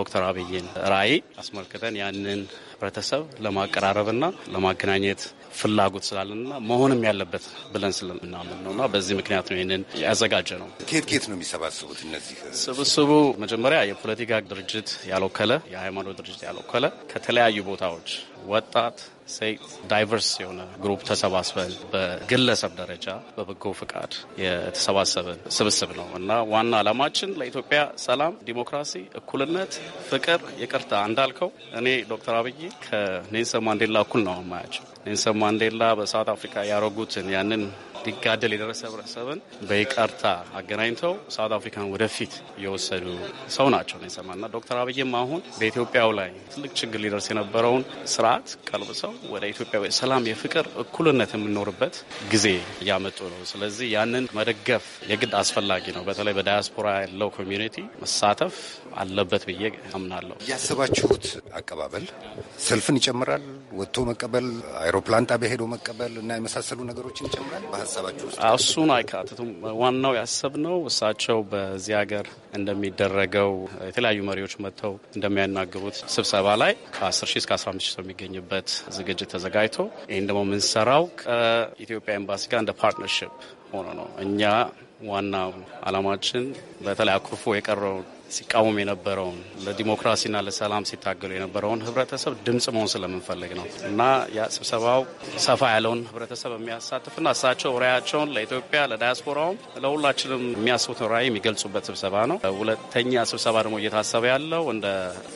ዶክተር አብይን ራዕይ አስመልክተን ያንን ህብረተሰብ ለማቀራረብና ለማገናኘት ፍላጎት ስላለንና መሆንም ያለበት ብለን ስለምናምን ነውና በዚህ ምክንያት ነው ይህንን ያዘጋጀ ነው። ኬት ኬት ነው የሚሰባስቡት እነዚህ ስብስቡ መጀመሪያ የፖለቲካ ድርጅት ያልወከለ የሃይማኖት ድርጅት ያልወከለ ከተለያዩ ቦታዎች ወጣት ሴት ዳይቨርስ የሆነ ግሩፕ ተሰባስበን በግለሰብ ደረጃ በበጎ ፍቃድ የተሰባሰበን ስብስብ ነው እና ዋና ዓላማችን ለኢትዮጵያ ሰላም፣ ዲሞክራሲ፣ እኩልነት፣ ፍቅር፣ ይቅርታ እንዳልከው እኔ ዶክተር አብይ ከኔልሰን ማንዴላ እኩል ነው ማያቸው። ኔልሰን ማንዴላ በሳውት አፍሪካ ያረጉትን ያንን ሊጋደል የደረሰ ህብረተሰብን በይቅርታ አገናኝተው ሳውት አፍሪካን ወደፊት የወሰዱ ሰው ናቸው ነው የሰማና ዶክተር አብይም አሁን በኢትዮጵያው ላይ ትልቅ ችግር ሊደርስ የነበረውን ስርዓት ቀልብሰው ወደ ኢትዮጵያ ሰላም፣ የፍቅር እኩልነት የምንኖርበት ጊዜ እያመጡ ነው። ስለዚህ ያንን መደገፍ የግድ አስፈላጊ ነው። በተለይ በዳያስፖራ ያለው ኮሚኒቲ መሳተፍ አለበት ብዬ አምናለሁ። ያስባችሁት አቀባበል ሰልፍን ይጨምራል ወጥቶ መቀበል፣ አይሮፕላን ጣቢያ ሄዶ መቀበል እና የመሳሰሉ ነገሮችን ይጨምራል። በሀሳባችሁ ውስጥ እሱን አይካትቱም። ዋናው ነው እሳቸው በዚህ ሀገር እንደሚደረገው የተለያዩ መሪዎች መጥተው እንደሚያናግሩት ስብሰባ ላይ ከ10 ሺህ እስከ 15 ሺህ ሰው የሚገኝበት ዝግጅት ተዘጋጅቶ ይህን ደግሞ የምንሰራው ከኢትዮጵያ ኤምባሲ ጋር እንደ ፓርትነርሽፕ ሆኖ ነው። እኛ ዋናው አላማችን በተለይ አኩርፎ የቀረውን ሲቃወም የነበረውን ለዲሞክራሲና ለሰላም ሲታገሉ የነበረውን ህብረተሰብ ድምጽ መሆን ስለምንፈልግ ነው እና ስብሰባው ሰፋ ያለውን ህብረተሰብ የሚያሳትፍና እሳቸው ራያቸውን ለኢትዮጵያ ለዳያስፖራውም ለሁላችንም የሚያስቡትን ራዕይ የሚገልጹበት ስብሰባ ነው። ሁለተኛ ስብሰባ ደግሞ እየታሰበ ያለው እንደ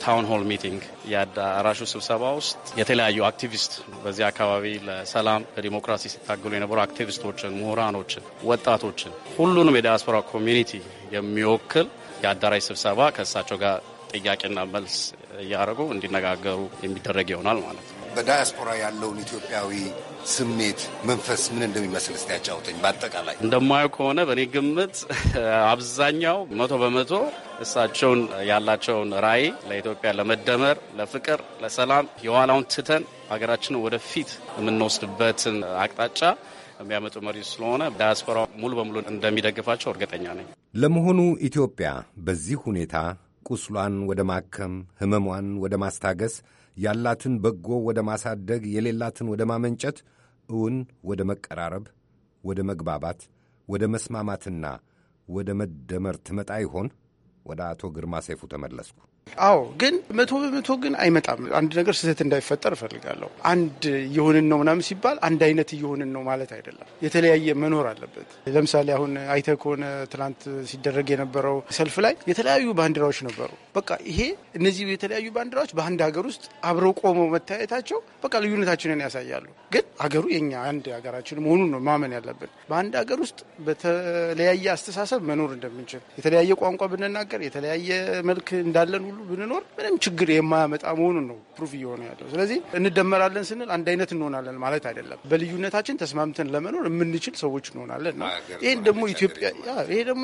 ታውን ሆል ሚቲንግ የአዳራሹ ስብሰባ ውስጥ የተለያዩ አክቲቪስት በዚህ አካባቢ ለሰላም ለዲሞክራሲ ሲታገሉ የነበሩ አክቲቪስቶችን፣ ምሁራኖችን፣ ወጣቶችን ሁሉንም የዳያስፖራ ኮሚኒቲ የሚወክል የአዳራሽ ስብሰባ ከእሳቸው ጋር ጥያቄና መልስ እያደረጉ እንዲነጋገሩ የሚደረግ ይሆናል ማለት ነው። በዳያስፖራ ያለውን ኢትዮጵያዊ ስሜት መንፈስ ምን እንደሚመስል እስቲ ያጫውተኝ። በአጠቃላይ እንደማየው ከሆነ በእኔ ግምት [LAUGHS] አብዛኛው መቶ በመቶ እሳቸውን ያላቸውን ራዕይ ለኢትዮጵያ ለመደመር፣ ለፍቅር፣ ለሰላም የኋላውን ትተን ሀገራችንን ወደፊት የምንወስድበትን አቅጣጫ የሚያመጡ መሪ ስለሆነ ዳያስፖራ ሙሉ በሙሉ እንደሚደግፋቸው እርግጠኛ ነኝ። ለመሆኑ ኢትዮጵያ በዚህ ሁኔታ ቁስሏን ወደ ማከም፣ ህመሟን ወደ ማስታገስ፣ ያላትን በጎ ወደ ማሳደግ፣ የሌላትን ወደ ማመንጨት፣ እውን ወደ መቀራረብ፣ ወደ መግባባት፣ ወደ መስማማትና ወደ መደመር ትመጣ ይሆን? ወደ አቶ ግርማ ሰይፉ ተመለስኩ። አዎ ግን መቶ በመቶ ግን አይመጣም። አንድ ነገር ስህተት እንዳይፈጠር እፈልጋለሁ። አንድ እየሆንን ነው ምናምን ሲባል አንድ አይነት እየሆንን ነው ማለት አይደለም። የተለያየ መኖር አለበት። ለምሳሌ አሁን አይተህ ከሆነ ትናንት ሲደረግ የነበረው ሰልፍ ላይ የተለያዩ ባንዲራዎች ነበሩ። በቃ ይሄ እነዚህ የተለያዩ ባንዲራዎች በአንድ ሀገር ውስጥ አብረው ቆመው መታየታቸው በቃ ልዩነታችንን ያሳያሉ። ግን ሀገሩ የኛ አንድ ሀገራችን መሆኑን ነው ማመን ያለብን። በአንድ ሀገር ውስጥ በተለያየ አስተሳሰብ መኖር እንደምንችል፣ የተለያየ ቋንቋ ብንናገር፣ የተለያየ መልክ እንዳለን ሁሉ ብንኖር ምንም ችግር የማያመጣ መሆኑን ነው ፕሩፍ እየሆነ ያለው። ስለዚህ እንደመራለን ስንል አንድ አይነት እንሆናለን ማለት አይደለም። በልዩነታችን ተስማምተን ለመኖር የምንችል ሰዎች እንሆናለን ነው። ይሄ ደግሞ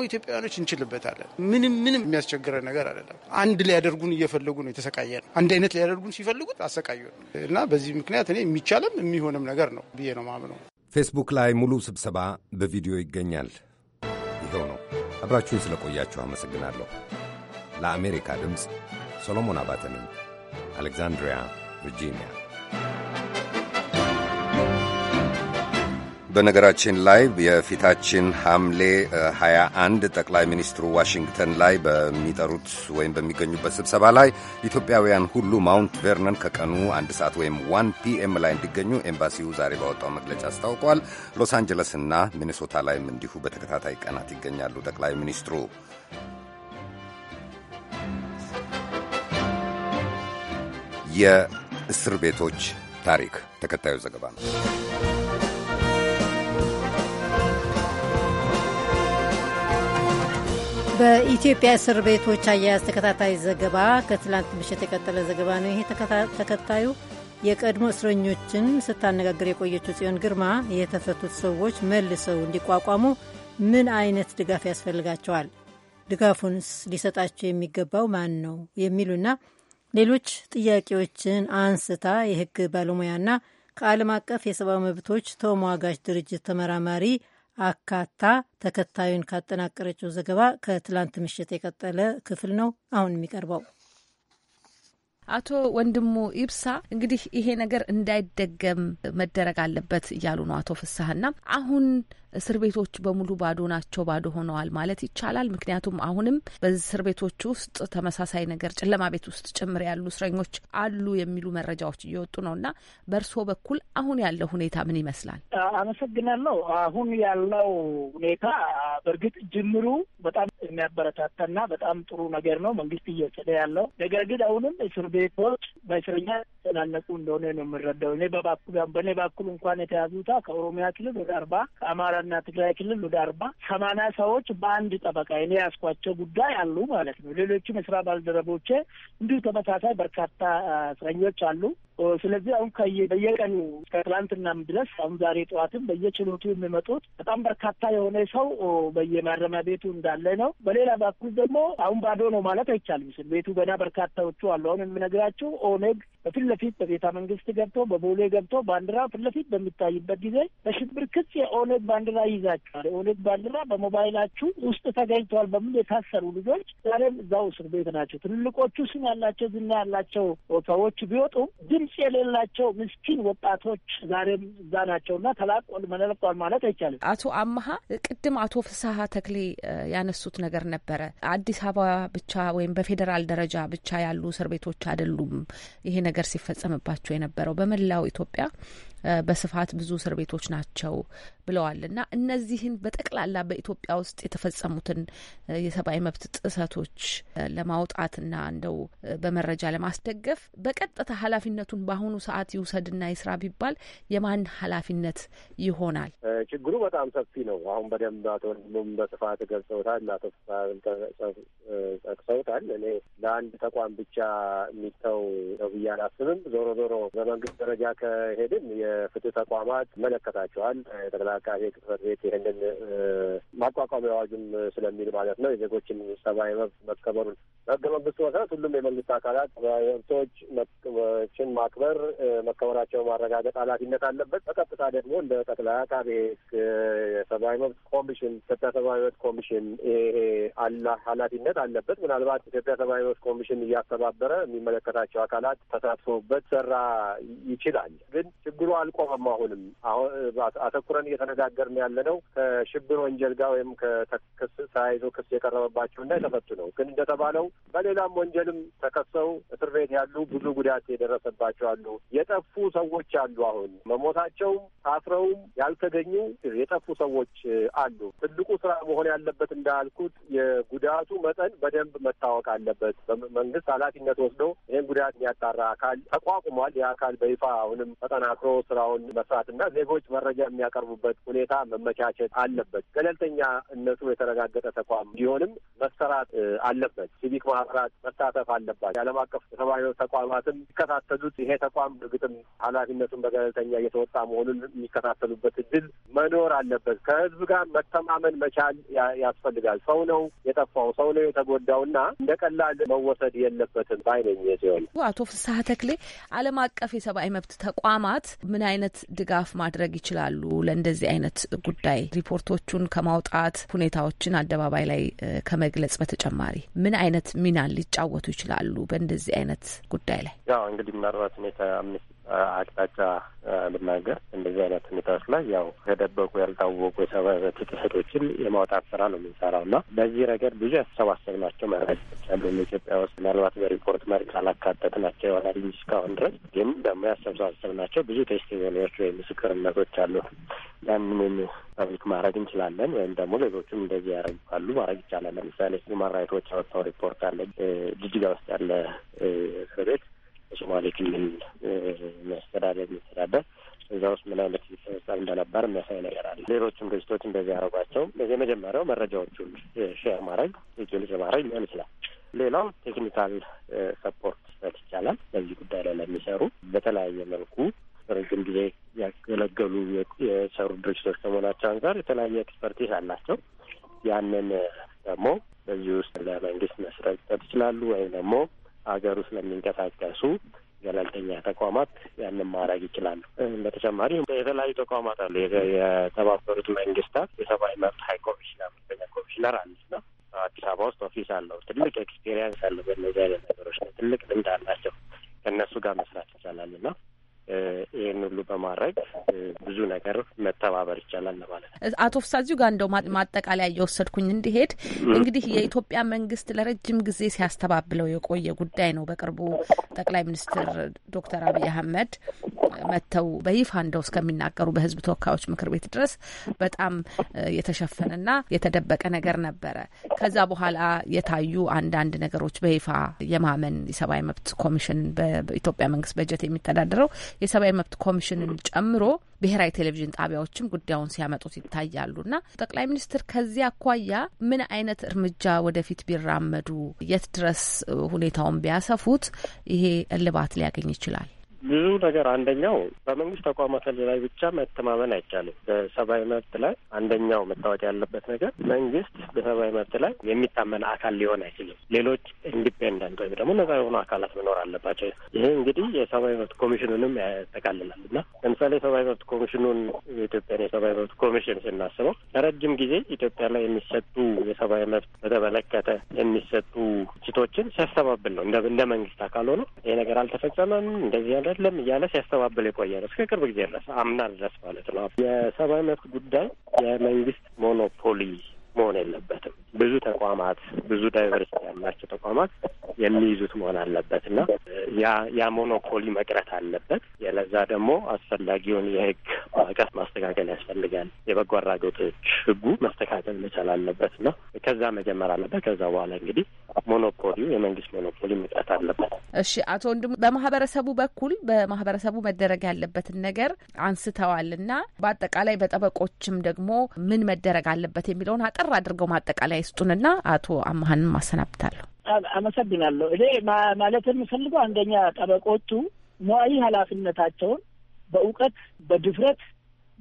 ኢትዮጵያውያኖች እንችልበታለን። ምንም ምንም የሚያስቸግረን ነገር አይደለም። አንድ ሊያደርጉን እየፈለጉ ነው። የተሰቃየ ነው። አንድ አይነት ሊያደርጉን ሲፈልጉት አሰቃዩ እና በዚህ ምክንያት እኔ የሚቻለም የሚሆንም ነገር ነው ብዬ ነው ማምነው። ፌስቡክ ላይ ሙሉ ስብሰባ በቪዲዮ ይገኛል። ይኸው ነው። አብራችሁን ስለቆያችሁ አመሰግናለሁ። ለአሜሪካ ድምፅ ሰሎሞን አባተንም አሌክዛንድሪያ ቨርጂኒያ በነገራችን ላይ የፊታችን ሐምሌ 21 ጠቅላይ ሚኒስትሩ ዋሽንግተን ላይ በሚጠሩት ወይም በሚገኙበት ስብሰባ ላይ ኢትዮጵያውያን ሁሉ ማውንት ቨርነን ከቀኑ አንድ ሰዓት ወይም ዋን ፒኤም ላይ እንዲገኙ ኤምባሲው ዛሬ ባወጣው መግለጫ አስታውቋል። ሎስ እና ሚኔሶታ ላይም እንዲሁ በተከታታይ ቀናት ይገኛሉ ጠቅላይ ሚኒስትሩ። የእስር ቤቶች ታሪክ ተከታዩ ዘገባ ነው። በኢትዮጵያ እስር ቤቶች አያያዝ ተከታታይ ዘገባ ከትላንት ምሽት የቀጠለ ዘገባ ነው። ይሄ ተከታዩ የቀድሞ እስረኞችን ስታነጋግር የቆየችው ጽዮን ግርማ የተፈቱት ሰዎች መልሰው እንዲቋቋሙ ምን አይነት ድጋፍ ያስፈልጋቸዋል? ድጋፉንስ ሊሰጣቸው የሚገባው ማን ነው? የሚሉና ሌሎች ጥያቄዎችን አንስታ የሕግ ባለሙያና ከዓለም አቀፍ የሰብአዊ መብቶች ተሟጋች ድርጅት ተመራማሪ አካታ ተከታዩን ካጠናቀረችው ዘገባ ከትላንት ምሽት የቀጠለ ክፍል ነው አሁን የሚቀርበው። አቶ ወንድሙ ኢብሳ እንግዲህ ይሄ ነገር እንዳይደገም መደረግ አለበት እያሉ ነው አቶ ፍስሀና አሁን እስር ቤቶች በሙሉ ባዶ ናቸው፣ ባዶ ሆነዋል ማለት ይቻላል። ምክንያቱም አሁንም በእስር ቤቶች ውስጥ ተመሳሳይ ነገር ጨለማ ቤት ውስጥ ጭምር ያሉ እስረኞች አሉ የሚሉ መረጃዎች እየወጡ ነው እና በእርስዎ በኩል አሁን ያለው ሁኔታ ምን ይመስላል? አመሰግናለሁ። አሁን ያለው ሁኔታ በእርግጥ ጅምሩ በጣም የሚያበረታታና በጣም ጥሩ ነገር ነው መንግስት እየወሰደ ያለው ነገር ግን አሁንም እስር ቤቶች በእስረኛ ተናነቁ እንደሆነ ነው የምረዳው። እኔ በበኩል በእኔ በኩል እንኳን የተያዙታ ከኦሮሚያ ክልል ወደ አርባ ከአማራ አማራና ትግራይ ክልል ወደ አርባ ሰማንያ ሰዎች በአንድ ጠበቃ እኔ ያስኳቸው ጉዳይ አሉ ማለት ነው። ሌሎችም የስራ ባልደረቦቼ እንዲሁ ተመሳሳይ በርካታ እስረኞች አሉ። ስለዚህ አሁን በየቀኑ እስከ ትላንትናም ድረስ አሁን ዛሬ ጠዋትም በየችሎቱ የሚመጡት በጣም በርካታ የሆነ ሰው በየማረሚያ ቤቱ እንዳለ ነው። በሌላ በኩል ደግሞ አሁን ባዶ ነው ማለት አይቻልም። እስር ቤቱ ገና በርካታዎቹ አሉ። አሁን የምነግራቸው ኦነግ በፊት ለፊት በቤተ መንግስት ገብቶ በቦሌ ገብቶ ባንዲራ ፊት ለፊት በሚታይበት ጊዜ በሽብር ክስ የኦነግ ባንዲራ ባንዲራ ይዛችኋል፣ የኦነግ ባንዲራ በሞባይላችሁ ውስጥ ተገኝተዋል በሚል የታሰሩ ልጆች ዛሬም እዛው እስር ቤት ናቸው። ትልልቆቹ ስም ያላቸው ዝና ያላቸው ሰዎች ቢወጡም ድምፅ የሌላቸው ምስኪን ወጣቶች ዛሬም እዛ ናቸውና ተላቋል መለቋል ማለት አይቻልም። አቶ አመሀ ቅድም አቶ ፍስሀ ተክሌ ያነሱት ነገር ነበረ። አዲስ አበባ ብቻ ወይም በፌዴራል ደረጃ ብቻ ያሉ እስር ቤቶች አይደሉም። ይሄ ነገር ሲፈጸምባቸው የነበረው በመላው ኢትዮጵያ በስፋት ብዙ እስር ቤቶች ናቸው ብለዋል እና እነዚህን በጠቅላላ በኢትዮጵያ ውስጥ የተፈጸሙትን የሰብአዊ መብት ጥሰቶች ለማውጣትና እንደው በመረጃ ለማስደገፍ በቀጥታ ኃላፊነቱን በአሁኑ ሰዓት ይውሰድና ይስራ ቢባል የማን ኃላፊነት ይሆናል? ችግሩ በጣም ሰፊ ነው። አሁን በደንብ አቶ ወንድሙም በስፋት ገልጸውታል፣ አቶ ጠቅሰውታል። እኔ ለአንድ ተቋም ብቻ የሚተው ነው ብዬ አላስብም። ዞሮ ዞሮ በመንግስት ደረጃ ከሄድን የፍትህ ተቋማት ይመለከታቸዋል። ጠቅላይ አቃቤ ጽሕፈት ቤት ይህንን ማቋቋሚያ አዋጅም ስለሚል ማለት ነው የዜጎችን ሰብአዊ መብት መከበሩን በህገ መንግስቱ መሰረት ሁሉም የመንግስት አካላት መብቶችን ማክበር መከበራቸው ማረጋገጥ ኃላፊነት አለበት። በቀጥታ ደግሞ እንደ ጠቅላይ አቃቤ ህግ፣ የሰብአዊ መብት ኮሚሽን፣ ኢትዮጵያ ሰብአዊ መብት ኮሚሽን ይሄ አላ ኃላፊነት አለበት። ምናልባት ኢትዮጵያ ሰብአዊ መብት ኮሚሽን እያስተባበረ የሚመለከታቸው አካላት ተሳትፎበት ሰራ ይችላል። ግን ችግሩ አልቆመም። አሁንም አተኩረን እየተነጋገርን ያለ ነው ከሽብር ወንጀል ጋር ወይም ከተያይዞ ክስ የቀረበባቸው እና የተፈቱ ነው። ግን እንደተባለው በሌላም ወንጀልም ተከሰው እስር ቤት ያሉ ብዙ ጉዳት የደረሰባቸው አሉ። የጠፉ ሰዎች አሉ። አሁን መሞታቸውም ታስረውም ያልተገኙ የጠፉ ሰዎች አሉ። ትልቁ ስራ መሆን ያለበት እንዳልኩት የጉዳቱ መጠን በደንብ መታወቅ አለበት። መንግስት ኃላፊነት ወስዶ ይህን ጉዳት የሚያጣራ አካል ተቋቁሟል። ይህ አካል በይፋ አሁንም ተጠናክሮ ስራውን መስራትና ዜጎች መረጃ የሚያቀርቡበት ሁኔታ መመቻቸት አለበት። ገለልተኛነቱ የተረጋገጠ ተቋም ቢሆንም መሰራት አለበት። ሲቪክ ራ መሳተፍ አለባት የዓለም አቀፍ ሰብአዊ ተቋማትም የሚከታተሉት ይሄ ተቋም እርግጥም ኃላፊነቱን በገለልተኛ እየተወጣ መሆኑን የሚከታተሉበት እድል መኖር አለበት። ከህዝብ ጋር መተማመን መቻል ያስፈልጋል። ሰው ነው የጠፋው፣ ሰው ነው የተጎዳው እና እንደ ቀላል መወሰድ የለበትም ባይነኝ ሲሆን አቶ ፍስሀ ተክሌ ዓለም አቀፍ የሰብአዊ መብት ተቋማት ምን አይነት ድጋፍ ማድረግ ይችላሉ? ለእንደዚህ አይነት ጉዳይ ሪፖርቶቹን ከማውጣት ሁኔታዎችን አደባባይ ላይ ከመግለጽ በተጨማሪ ምን አይነት ሚናን ሊጫወቱ ይችላሉ? በእንደዚህ አይነት ጉዳይ ላይ ያው እንግዲህ ምናልባት ሁኔታ አምስት አቅጣጫ ልናገር እንደዚህ አይነት ሁኔታዎች ላይ ያው ከደበቁ ያልታወቁ የሰብአዊ መብት ጥሰቶችን የማውጣት ስራ ነው የምንሰራው እና በዚህ ረገድ ብዙ ያሰባሰብናቸው መረጃዎች አሉ። ኢትዮጵያ ውስጥ ምናልባት በሪፖርት መልክ አላካተትናቸው ይሆናል እንጂ እስካሁን ድረስ ግን ደግሞ ያሰባሰብናቸው ብዙ ቴስቲሞኒዎች ወይም ምስክርነቶች አሉ። ያንንም ፐብሊክ ማድረግ እንችላለን ወይም ደግሞ ሌሎችም እንደዚህ ያደረጉ ካሉ ማድረግ ይቻላል። ለምሳሌ ሁማን ራይቶች ያወጣው ሪፖርት አለ። ጅጅጋ ውስጥ ያለ እስር ቤት በሶማሌ ክልል የሚያስተዳደር የሚተዳደር እዛ ውስጥ ምን አይነት ሲፈጸም እንደነበር የሚያሳይ ነገር አለ። ሌሎችም ድርጅቶች እንደዚህ ያደረጓቸው የመጀመሪያው መረጃዎቹን ሼር ማድረግ ሪጅልስ ማድረግ ሊሆን ይችላል። ሌላው ቴክኒካል ሰፖርት መስጠት ይቻላል። በዚህ ጉዳይ ላይ ለሚሰሩ በተለያየ መልኩ ረጅም ጊዜ ያገለገሉ የሰሩ ድርጅቶች ከመሆናቸው አንጻር የተለያየ ኤክስፐርቲዝ አላቸው። ያንን ደግሞ በዚህ ውስጥ ለመንግስት መስረጠት ይችላሉ ወይም ደግሞ ሀገር ውስጥ ለሚንቀሳቀሱ ገለልተኛ ተቋማት ያንን ማድረግ ይችላሉ። በተጨማሪ የተለያዩ ተቋማት አሉ። የተባበሩት መንግስታት የሰብአዊ መብት ሀይ ኮሚሽነር መገኛ ኮሚሽነር ነው አዲስ አበባ ውስጥ ኦፊስ አለው። ትልቅ ኤክስፔሪንስ አለው። በእነዚህ አይነት ነገሮች ላይ ትልቅ ልምድ አላቸው። ከእነሱ ጋር መስራት ይቻላል እና ይህን ሁሉ በማድረግ ብዙ ነገር መተባበር ይቻላል ለማለት ነው። አቶ ፍሳ እዚሁ ጋር እንደው ማጠቃለያ እየወሰድኩኝ እንዲሄድ እንግዲህ የኢትዮጵያ መንግስት ለረጅም ጊዜ ሲያስተባብለው የቆየ ጉዳይ ነው። በቅርቡ ጠቅላይ ሚኒስትር ዶክተር አብይ አህመድ መጥተው በይፋ እንደው እስከሚናገሩ በህዝብ ተወካዮች ምክር ቤት ድረስ በጣም የተሸፈነና የተደበቀ ነገር ነበረ። ከዛ በኋላ የታዩ አንዳንድ ነገሮች በይፋ የማመን የሰብአዊ መብት ኮሚሽን በኢትዮጵያ መንግስት በጀት የሚተዳደረው የሰብአዊ መብት ኮሚሽንን ጨምሮ ብሔራዊ ቴሌቪዥን ጣቢያዎችም ጉዳዩን ሲያመጡት ይታያሉና ጠቅላይ ሚኒስትር ከዚህ አኳያ ምን አይነት እርምጃ ወደፊት ቢራመዱ የት ድረስ ሁኔታውን ቢያሰፉት ይሄ እልባት ሊያገኝ ይችላል? ብዙ ነገር አንደኛው በመንግስት ተቋማት ላይ ብቻ መተማመን አይቻልም። በሰብአዊ መብት ላይ አንደኛው መታወቅ ያለበት ነገር መንግስት በሰብአዊ መብት ላይ የሚታመን አካል ሊሆን አይችልም። ሌሎች ኢንዲፔንደንት ወይም ደግሞ ነጻ የሆኑ አካላት መኖር አለባቸው። ይሄ እንግዲህ የሰብአዊ መብት ኮሚሽኑንም ያጠቃልላል እና ለምሳሌ የሰብአዊ መብት ኮሚሽኑን የኢትዮጵያን የሰብአዊ መብት ኮሚሽን ስናስበው ለረጅም ጊዜ ኢትዮጵያ ላይ የሚሰጡ የሰብአዊ መብት በተመለከተ የሚሰጡ ችቶችን ሲያስተባብል ነው እንደ መንግስት አካል ሆኖ ይሄ ነገር አልተፈጸመም እንደዚህ አይደለም እያለ ሲያስተባብል የቆየ ነው እስከ ቅርብ ጊዜ ድረስ አምና ድረስ ማለት ነው። የሰብአዊ መብት ጉዳይ የመንግስት ሞኖፖሊ መሆን የለበትም። ብዙ ተቋማት ብዙ ዳይቨርሲቲ ያላቸው ተቋማት የሚይዙት መሆን አለበት እና ያ ያ ሞኖፖሊ መቅረት አለበት። ለዛ ደግሞ አስፈላጊውን የህግ ማዕቀፍ ማስተካከል ያስፈልጋል። የበጎ አድራጎቶች ህጉ መስተካከል መቻል አለበት እና ከዛ መጀመር አለበት። ከዛ በኋላ እንግዲህ ሞኖፖሊው የመንግስት ሞኖፖሊ መቅረት አለበት። እሺ፣ አቶ ወንድሙ በማህበረሰቡ በኩል በማህበረሰቡ መደረግ ያለበትን ነገር አንስተዋል እና በአጠቃላይ በጠበቆችም ደግሞ ምን መደረግ አለበት የሚለውን አጠር አድርገው ማጠቃላይ ይስጡንና አቶ አመሀንም አሰናብታለሁ። አመሰግናለሁ። እኔ ማለት የምፈልገው አንደኛ ጠበቆቹ ሙያዊ ኃላፊነታቸውን በእውቀት በድፍረት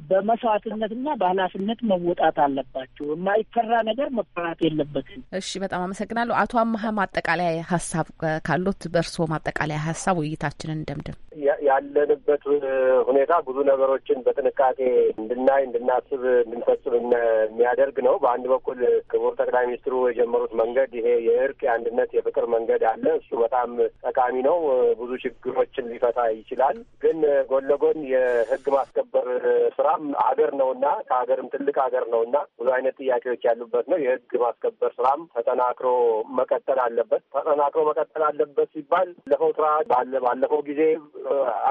በመስዋዕትነትና በኃላፊነት መወጣት አለባቸው። የማይፈራ ነገር መፈራት የለበትም። እሺ፣ በጣም አመሰግናለሁ። አቶ አመሀ ማጠቃለያ ሀሳብ ካሉት በእርስዎ ማጠቃለያ ሀሳብ ውይይታችንን እንደምድም። ያለንበት ሁኔታ ብዙ ነገሮችን በጥንቃቄ እንድናይ፣ እንድናስብ፣ እንድንፈጽም የሚያደርግ ነው። በአንድ በኩል ክቡር ጠቅላይ ሚኒስትሩ የጀመሩት መንገድ ይሄ የእርቅ የአንድነት፣ የፍቅር መንገድ አለ። እሱ በጣም ጠቃሚ ነው። ብዙ ችግሮችን ሊፈታ ይችላል። ግን ጎን ለጎን የህግ ማስከበር ስራ ስራም ሀገር ነውና ከሀገርም ትልቅ ሀገር ነውና ብዙ አይነት ጥያቄዎች ያሉበት ነው። የህግ ማስከበር ስራም ተጠናክሮ መቀጠል አለበት። ተጠናክሮ መቀጠል አለበት ሲባል ባለፈው ስራ ባለፈው ጊዜ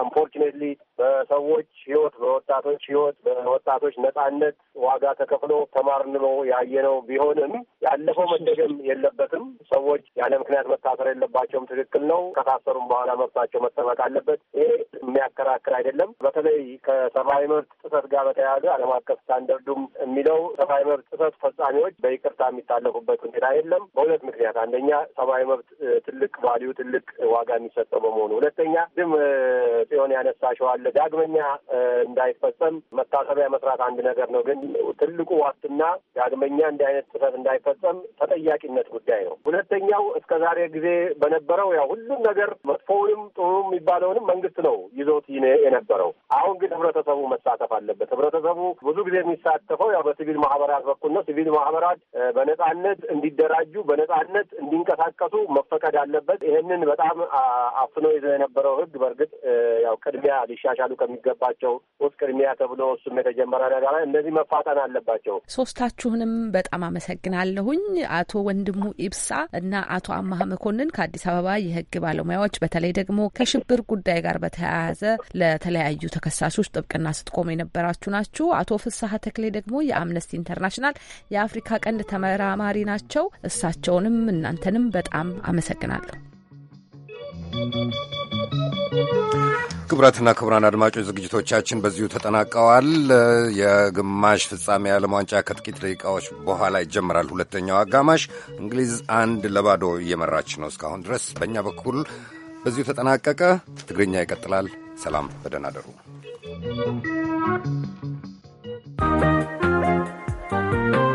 አንፎርችኔትሊ በሰዎች ህይወት፣ በወጣቶች ህይወት፣ በወጣቶች ነጻነት ዋጋ ተከፍሎ ተማርን ነው ያየነው ቢሆንም ያለፈው መደገም የለበትም። ሰዎች ያለ ምክንያት መታሰር የለባቸውም። ትክክል ነው። ከታሰሩም በኋላ መብታቸው መጠበቅ አለበት። ይሄ የሚያከራክር አይደለም። በተለይ ከሰብአዊ መብት ጥሰት ጥሰት ጋር በተያያዘ ዓለም አቀፍ ስታንደርዱም የሚለው ሰብአዊ መብት ጥሰት ፈጻሚዎች በይቅርታ የሚታለፉበት ሁኔታ የለም። በሁለት ምክንያት፣ አንደኛ ሰብአዊ መብት ትልቅ ቫሊዩ ትልቅ ዋጋ የሚሰጠው በመሆኑ፣ ሁለተኛ ድም ጽዮን ያነሳሽው አለ ዳግመኛ እንዳይፈጸም መታሰቢያ መስራት አንድ ነገር ነው። ግን ትልቁ ዋስትና ዳግመኛ እንዲህ አይነት ጥሰት እንዳይፈጸም ተጠያቂነት ጉዳይ ነው። ሁለተኛው እስከ ዛሬ ጊዜ በነበረው ያው ሁሉም ነገር መጥፎውንም ጥሩ የሚባለውንም መንግስት ነው ይዞት የነበረው። አሁን ግን ህብረተሰቡ መሳተፍ አለበት። አለበት። ህብረተሰቡ ብዙ ጊዜ የሚሳተፈው ያው በሲቪል ማህበራት በኩል ነው። ሲቪል ማህበራት በነጻነት እንዲደራጁ በነጻነት እንዲንቀሳቀሱ መፈቀድ አለበት። ይህንን በጣም አፍኖ ይዘው የነበረው ህግ በእርግጥ ያው ቅድሚያ ሊሻሻሉ ከሚገባቸው ውስጥ ቅድሚያ ተብሎ እሱም የተጀመረ ነገር ላይ እነዚህ መፋጠን አለባቸው። ሶስታችሁንም በጣም አመሰግናለሁኝ። አቶ ወንድሙ ኢብሳ እና አቶ አማሀ መኮንን ከአዲስ አበባ የህግ ባለሙያዎች በተለይ ደግሞ ከሽብር ጉዳይ ጋር በተያያዘ ለተለያዩ ተከሳሾች ጥብቅና ስትቆም የነበረ የተከበራችሁ ናችሁ። አቶ ፍስሀ ተክሌ ደግሞ የአምነስቲ ኢንተርናሽናል የአፍሪካ ቀንድ ተመራማሪ ናቸው። እሳቸውንም እናንተንም በጣም አመሰግናለሁ። ክቡራትና ክቡራን አድማጮች ዝግጅቶቻችን በዚሁ ተጠናቀዋል። የግማሽ ፍጻሜ የዓለም ዋንጫ ከጥቂት ደቂቃዎች በኋላ ይጀምራል። ሁለተኛው አጋማሽ እንግሊዝ አንድ ለባዶ እየመራች ነው እስካሁን ድረስ። በእኛ በኩል በዚሁ ተጠናቀቀ። ትግርኛ ይቀጥላል። ሰላም፣ በደህና አደሩ። Thank you.